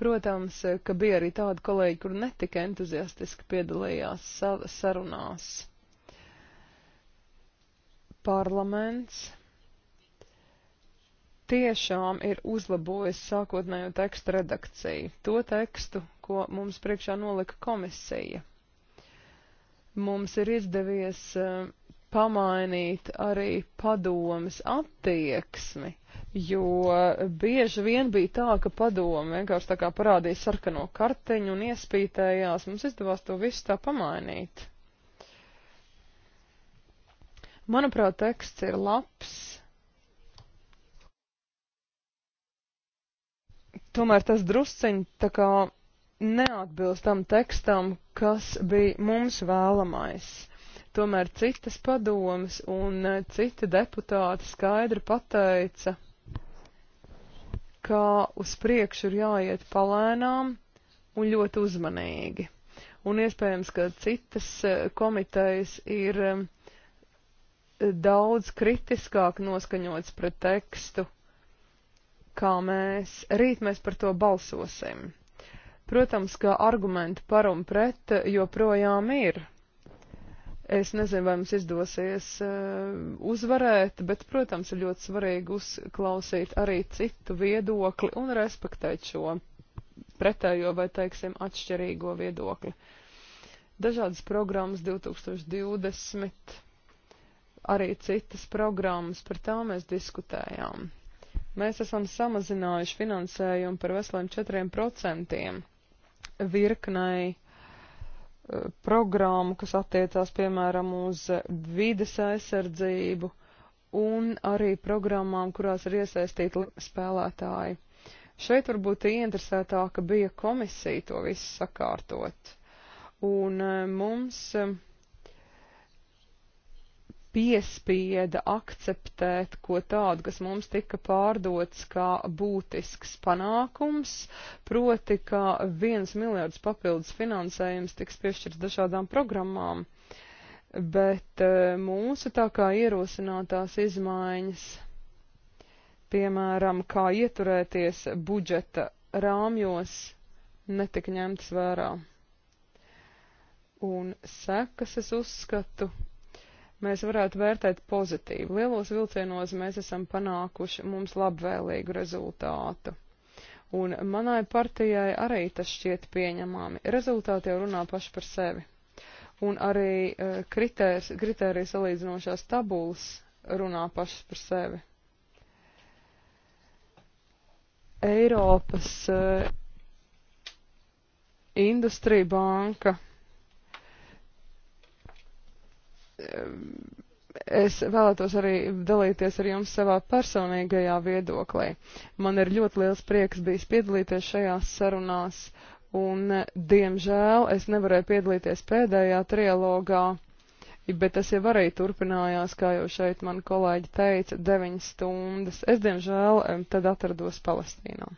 Protams, eh, ka bija arī tādi kolēģi, kur netika entuziastiski piedalījās sarunās. Parlaments tiešām ir uzlabojis sākotnējo tekstu redakciju, to tekstu, ko mums priekšā nolika komisija. Mums ir izdevies uh, pamainīt arī padomas attieksmi, jo bieži vien bija tā, ka padoma vienkārši tā kā parādīja sarkano karteņu un iespītējās, mums izdevās to visu tā pamainīt. Manuprāt, teksts ir labs. Tomēr tas drusciņ tā kā neatbilst tam tekstam, kas bija mums vēlamais. Tomēr citas padomas un eh, citi deputāti skaidri pateica, ka uz priekšu ir jāiet palēnām un ļoti uzmanīgi. Un iespējams, ka citas eh, komitejas ir eh, daudz kritiskāk noskaņots pret tekstu, kā mēs. Rīt mēs par to balsosim. Protams, ka argumenti par un pret joprojām ir, Es nezinu, vai mums izdosies uh, uzvarēt, bet, protams, ir ļoti svarīgi uzklausīt arī citu viedokli un respektēt šo pretējo vai, teiksim, atšķirīgo viedokli. Dažādas programmas 2020, arī citas programmas, par tām mēs diskutējām. Mēs esam samazinājuši finansējumu par veseliem 4% virknai programmu, kas attiecās piemēram uz vides aizsardzību un arī programmām, kurās ir iesaistīti spēlētāji. Šeit varbūt ieinteresētāka bija komisija to visu sakārtot. Un eh, mums eh, piespieda akceptēt ko tādu, kas mums tika pārdots kā būtisks panākums, proti, ka viens miljards papildus finansējums tiks piešķirts dažādām programmām, bet e, mūsu tā kā ierosinātās izmaiņas, piemēram, kā ieturēties budžeta rāmjos, netika ņemtas vērā. Un sekas, es uzskatu, mēs varētu vērtēt pozitīvi. Lielos vilcienos mēs esam panākuši mums labvēlīgu rezultātu. Un manai partijai arī tas šķiet pieņemami. Rezultāti jau runā paši par sevi. Un arī uh, kritērs, kritērija salīdzinošās tabulas runā pašas par sevi. Eiropas uh, e, industrija banka es vēlētos arī dalīties ar jums savā personīgajā viedoklī. Man ir ļoti liels prieks bijis piedalīties šajās sarunās, un, diemžēl, es nevarēju piedalīties pēdējā trialogā, bet tas jau arī turpinājās, kā jau šeit man kolēģi teica, 9 stundas. Es, diemžēl, tad atrados Palestīnā.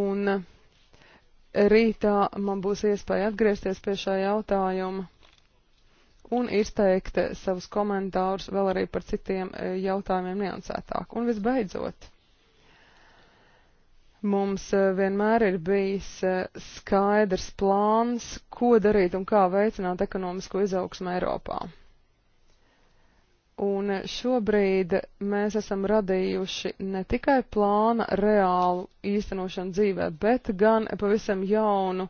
Un Rītā man būs iespēja atgriezties pie šā jautājuma un izteikt savus komentārus vēl arī par citiem e, jautājumiem niansētāk. Un visbeidzot, mums e, vienmēr ir bijis e, skaidrs plāns, ko darīt un kā veicināt ekonomisko izaugsmu Eiropā. Un šobrīd mēs esam radījuši ne tikai plāna reālu īstenošanu dzīvē, bet gan pavisam jaunu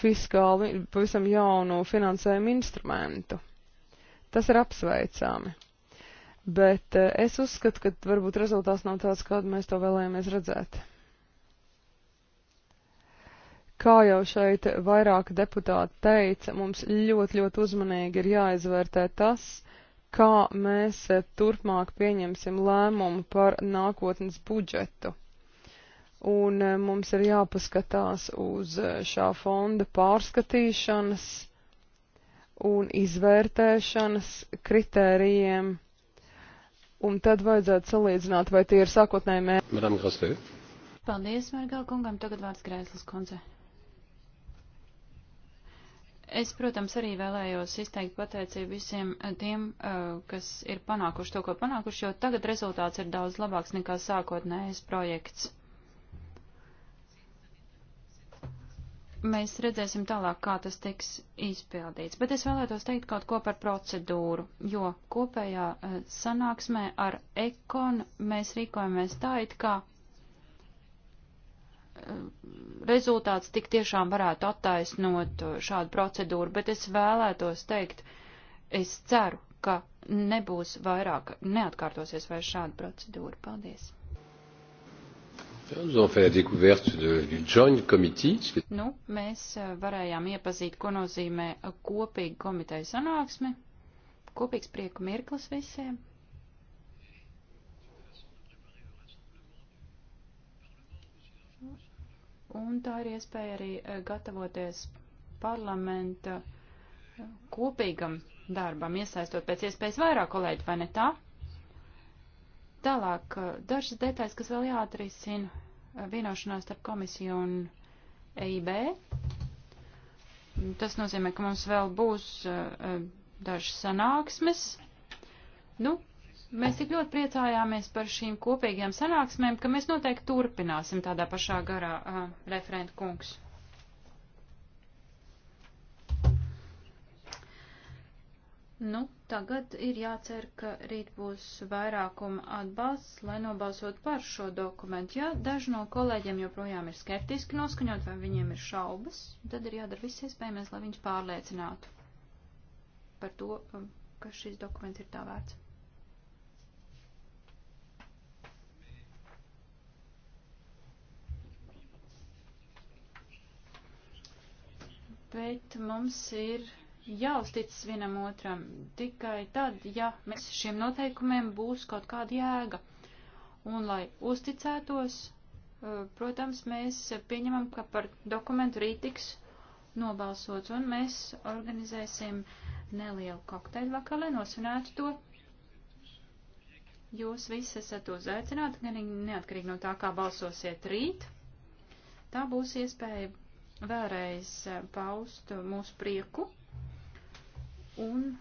fiskālu, pavisam jaunu finansējumu instrumentu. Tas ir apsveicami. Bet eh, es uzskatu, ka varbūt rezultāts nav tāds, kādu mēs to vēlējāmies redzēt. Kā jau šeit vairāk deputāti teica, mums ļoti, ļoti uzmanīgi ir jāizvērtē tas, kā mēs e, turpmāk pieņemsim lēmumu par nākotnes budžetu. Un e, mums ir jāpaskatās uz e, šā fonda pārskatīšanas un izvērtēšanas kritērijiem, un tad vajadzētu salīdzināt, vai tie ir sākotnēji mērķi. Paldies, Margā kungam, tagad vārds Grēslas koncē. Es, protams, arī vēlējos izteikt pateicību visiem eh, tiem, eh, kas ir panākuši to, ko panākuši, jo tagad rezultāts ir daudz labāks nekā sākotnējais projekts. mēs redzēsim tālāk, kā tas tiks izpildīts. Bet es vēlētos teikt kaut ko par procedūru, jo kopējā eh, sanāksmē ar ekon mēs rīkojamies tā, it kā Eh, rezultāts tik tiešām varētu attaisnot eh, šādu procedūru, bet es vēlētos teikt, es ceru, ka nebūs vairāk, neatkārtosies vairs šāda procedūra. Paldies! Nu, mēs eh, varējām iepazīt, ko nozīmē kopīga komiteja sanāksme, kopīgs prieku mirklis visiem. un tā ir iespēja arī e, gatavoties parlamenta e, kopīgam darbam, iesaistot pēc iespējas vairāk kolēģi, vai ne tā? Tālāk, e, dažas detaļas, kas vēl jāatrisina vienošanās starp komisiju un EIB. Tas nozīmē, ka mums vēl būs dažas sanāksmes. Nu, Mēs tik ļoti priecājāmies par šīm kopīgajām sanāksmēm, ka mēs noteikti turpināsim tādā pašā garā, uh, referent kungs. Nu, tagad ir jācer, ka rīt būs vairākuma atbalsts, lai nobalsot par šo dokumentu. Ja daži no kolēģiem joprojām ir skeptiski noskaņot vai viņiem ir šaubas, tad ir jādara viss iespējamais, lai viņus pārliecinātu par to, ka šis dokuments ir tā vērts. bet mums ir jāuzticas vienam otram tikai tad, ja mēs šiem noteikumiem būs kaut kāda jēga. Un, lai uzticētos, eh, protams, mēs pieņemam, ka par dokumentu rīt tiks nobalsots, un mēs organizēsim nelielu kokteļu vakarē, nosvinētu to. Jūs visi esat uzaicināti, gan neatkarīgi no tā, kā balsosiet rīt. Tā būs iespēja vēlreiz eh, paust mūsu prieku un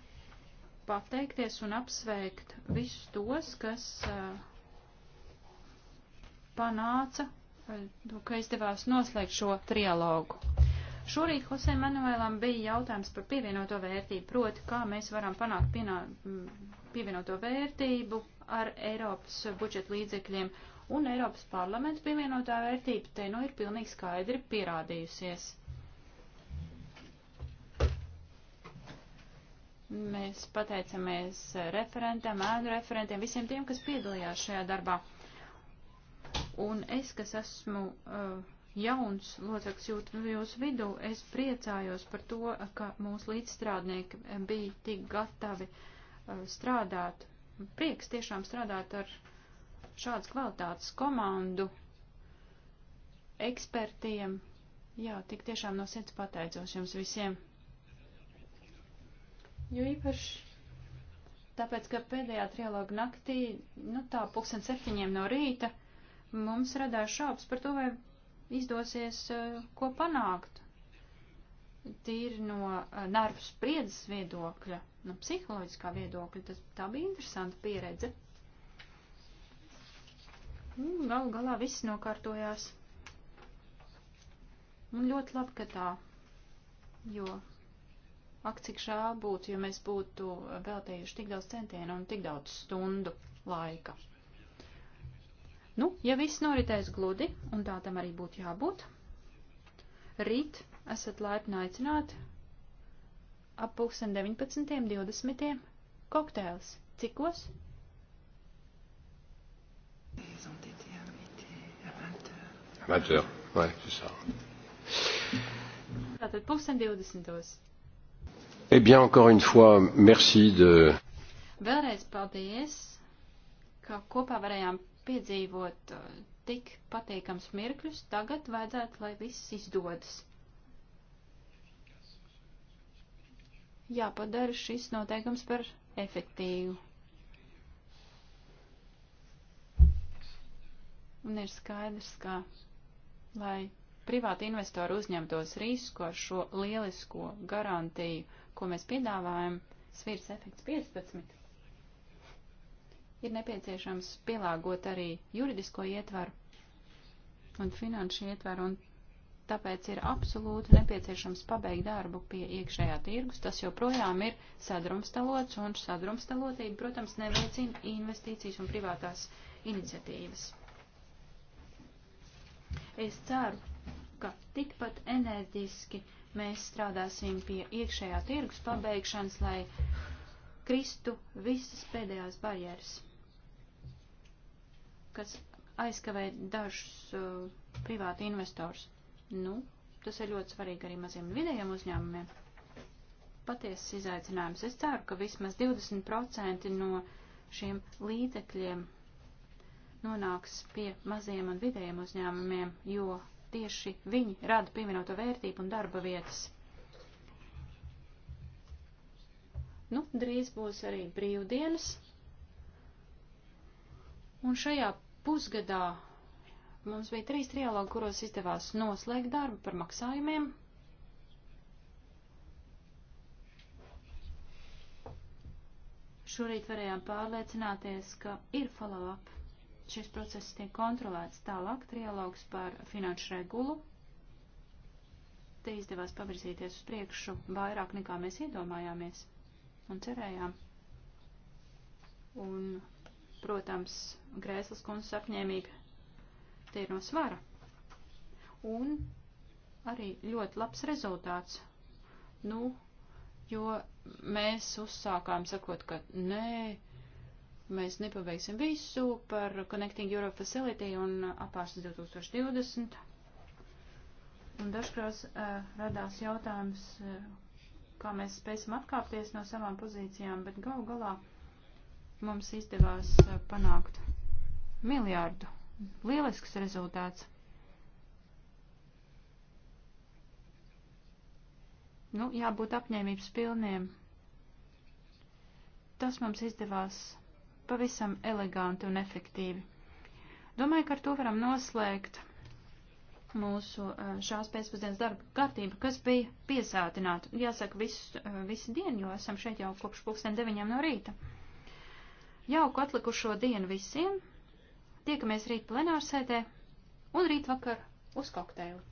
pateikties un apsveikt visus tos, kas eh, panāca, eh, ka izdevās noslēgt šo trialogu. Šorīt Hosē Manuēlam bija jautājums par pievienoto vērtību, proti, kā mēs varam panākt pienā, pievienoto vērtību ar Eiropas budžeta līdzekļiem. Uh, un Eiropas parlaments pievienotā vērtība te nu ir pilnīgi skaidri pierādījusies. Mēs pateicamies referentam, ēnu referentiem, visiem tiem, kas piedalījās šajā darbā. Un es, kas esmu uh, jauns loceklis jūsu vidū, es priecājos par to, ka mūsu līdzstrādnieki bija tik gatavi uh, strādāt. Prieks tiešām strādāt ar uh, šādas kvalitātes komandu ekspertiem. Jā, tik tiešām no sirds pateicos jums visiem. Jo īpaši tāpēc, ka pēdējā trialoga naktī, nu tā pulksten septiņiem no rīta, mums radās šaubas par to, vai izdosies uh, ko panākt. Tīri no uh, nervu spriedzes viedokļa, no psiholoģiskā viedokļa, tas tā bija interesanta pieredze. Un mm, galu galā viss nokārtojās. Un ļoti labi, ka tā. Jo ak, cik žēl būtu, ja mēs būtu veltējuši tik daudz centienu un tik daudz stundu laika. Nu, ja viss noritēs gludi, un tā tam arī būtu jābūt, rīt esat laipni aicināti ap 19.20. kokteils. Cikos? À 20h, ouais, c'est ça. Tātad pusdien 20. Eh bien, encore une fois, merci de. Vēlreiz paldies, ka kopā varējām piedzīvot uh, tik patīkams mirkļus. Tagad vajadzētu, lai viss izdodas. Jāpadara šis noteikums par efektīvu. Un ir skaidrs, ka, lai privāti investori uzņemtos risku ar šo lielisko garantiju, ko mēs piedāvājam, svīrs efekts 15, ir nepieciešams pielāgot arī juridisko ietvaru un finanšu ietvaru, un tāpēc ir absolūti nepieciešams pabeigt darbu pie iekšējā tirgus. Tas joprojām ir sadrumstalots, un sadrumstalotība, protams, neveicina investīcijas un privātās iniciatīvas. Es ceru, ka tikpat enerģiski mēs strādāsim pie iekšējā tirgus pabeigšanas, lai kristu visas pēdējās barjeras, kas aizkavē dažus uh, privātu investors. Nu, tas ir ļoti svarīgi arī maziem vidējiem uzņēmumiem. Patiesas izaicinājums. Es ceru, ka vismaz 20% no šiem līdzekļiem nonāks pie maziem un vidējiem uzņēmumiem, jo tieši viņi rada pievienoto vērtību un darba vietas. Nu, drīz būs arī brīvdienas. Un šajā pusgadā mums bija trīs trialogi, kuros izdevās noslēgt darbu par maksājumiem. Šorīt varējām pārliecināties, ka ir follow-up šis process tiek kontrolēts tālāk, trialogs par finanšu regulu. Te izdevās pavirzīties uz priekšu vairāk nekā mēs iedomājāmies un cerējām. Un, protams, Grēslas kundzes apņēmība tie ir no svara. Un arī ļoti labs rezultāts. Nu, jo mēs uzsākām sakot, ka nē, Mēs nepaveiksim visu par Connecting Europe Facility un apārsts 2020. Un dažkārt uh, radās jautājums, uh, kā mēs spēsim atkāpties no savām pozīcijām, bet gal galā mums izdevās uh, panākt miljārdu. Lielisks rezultāts. Nu, jābūt apņēmības pilniem. Tas mums izdevās pavisam eleganti un efektīvi. Domāju, ka ar to varam noslēgt mūsu šās pēcpusdienas darba kārtība, kas bija piesātināta, jāsaka, visu, visu dienu, jo esam šeit jau kopš pulksten deviņiem no rīta. Jauku atlikušo dienu visiem, tiekamies rīt plenārsēdē un rīt vakar uz kokteili.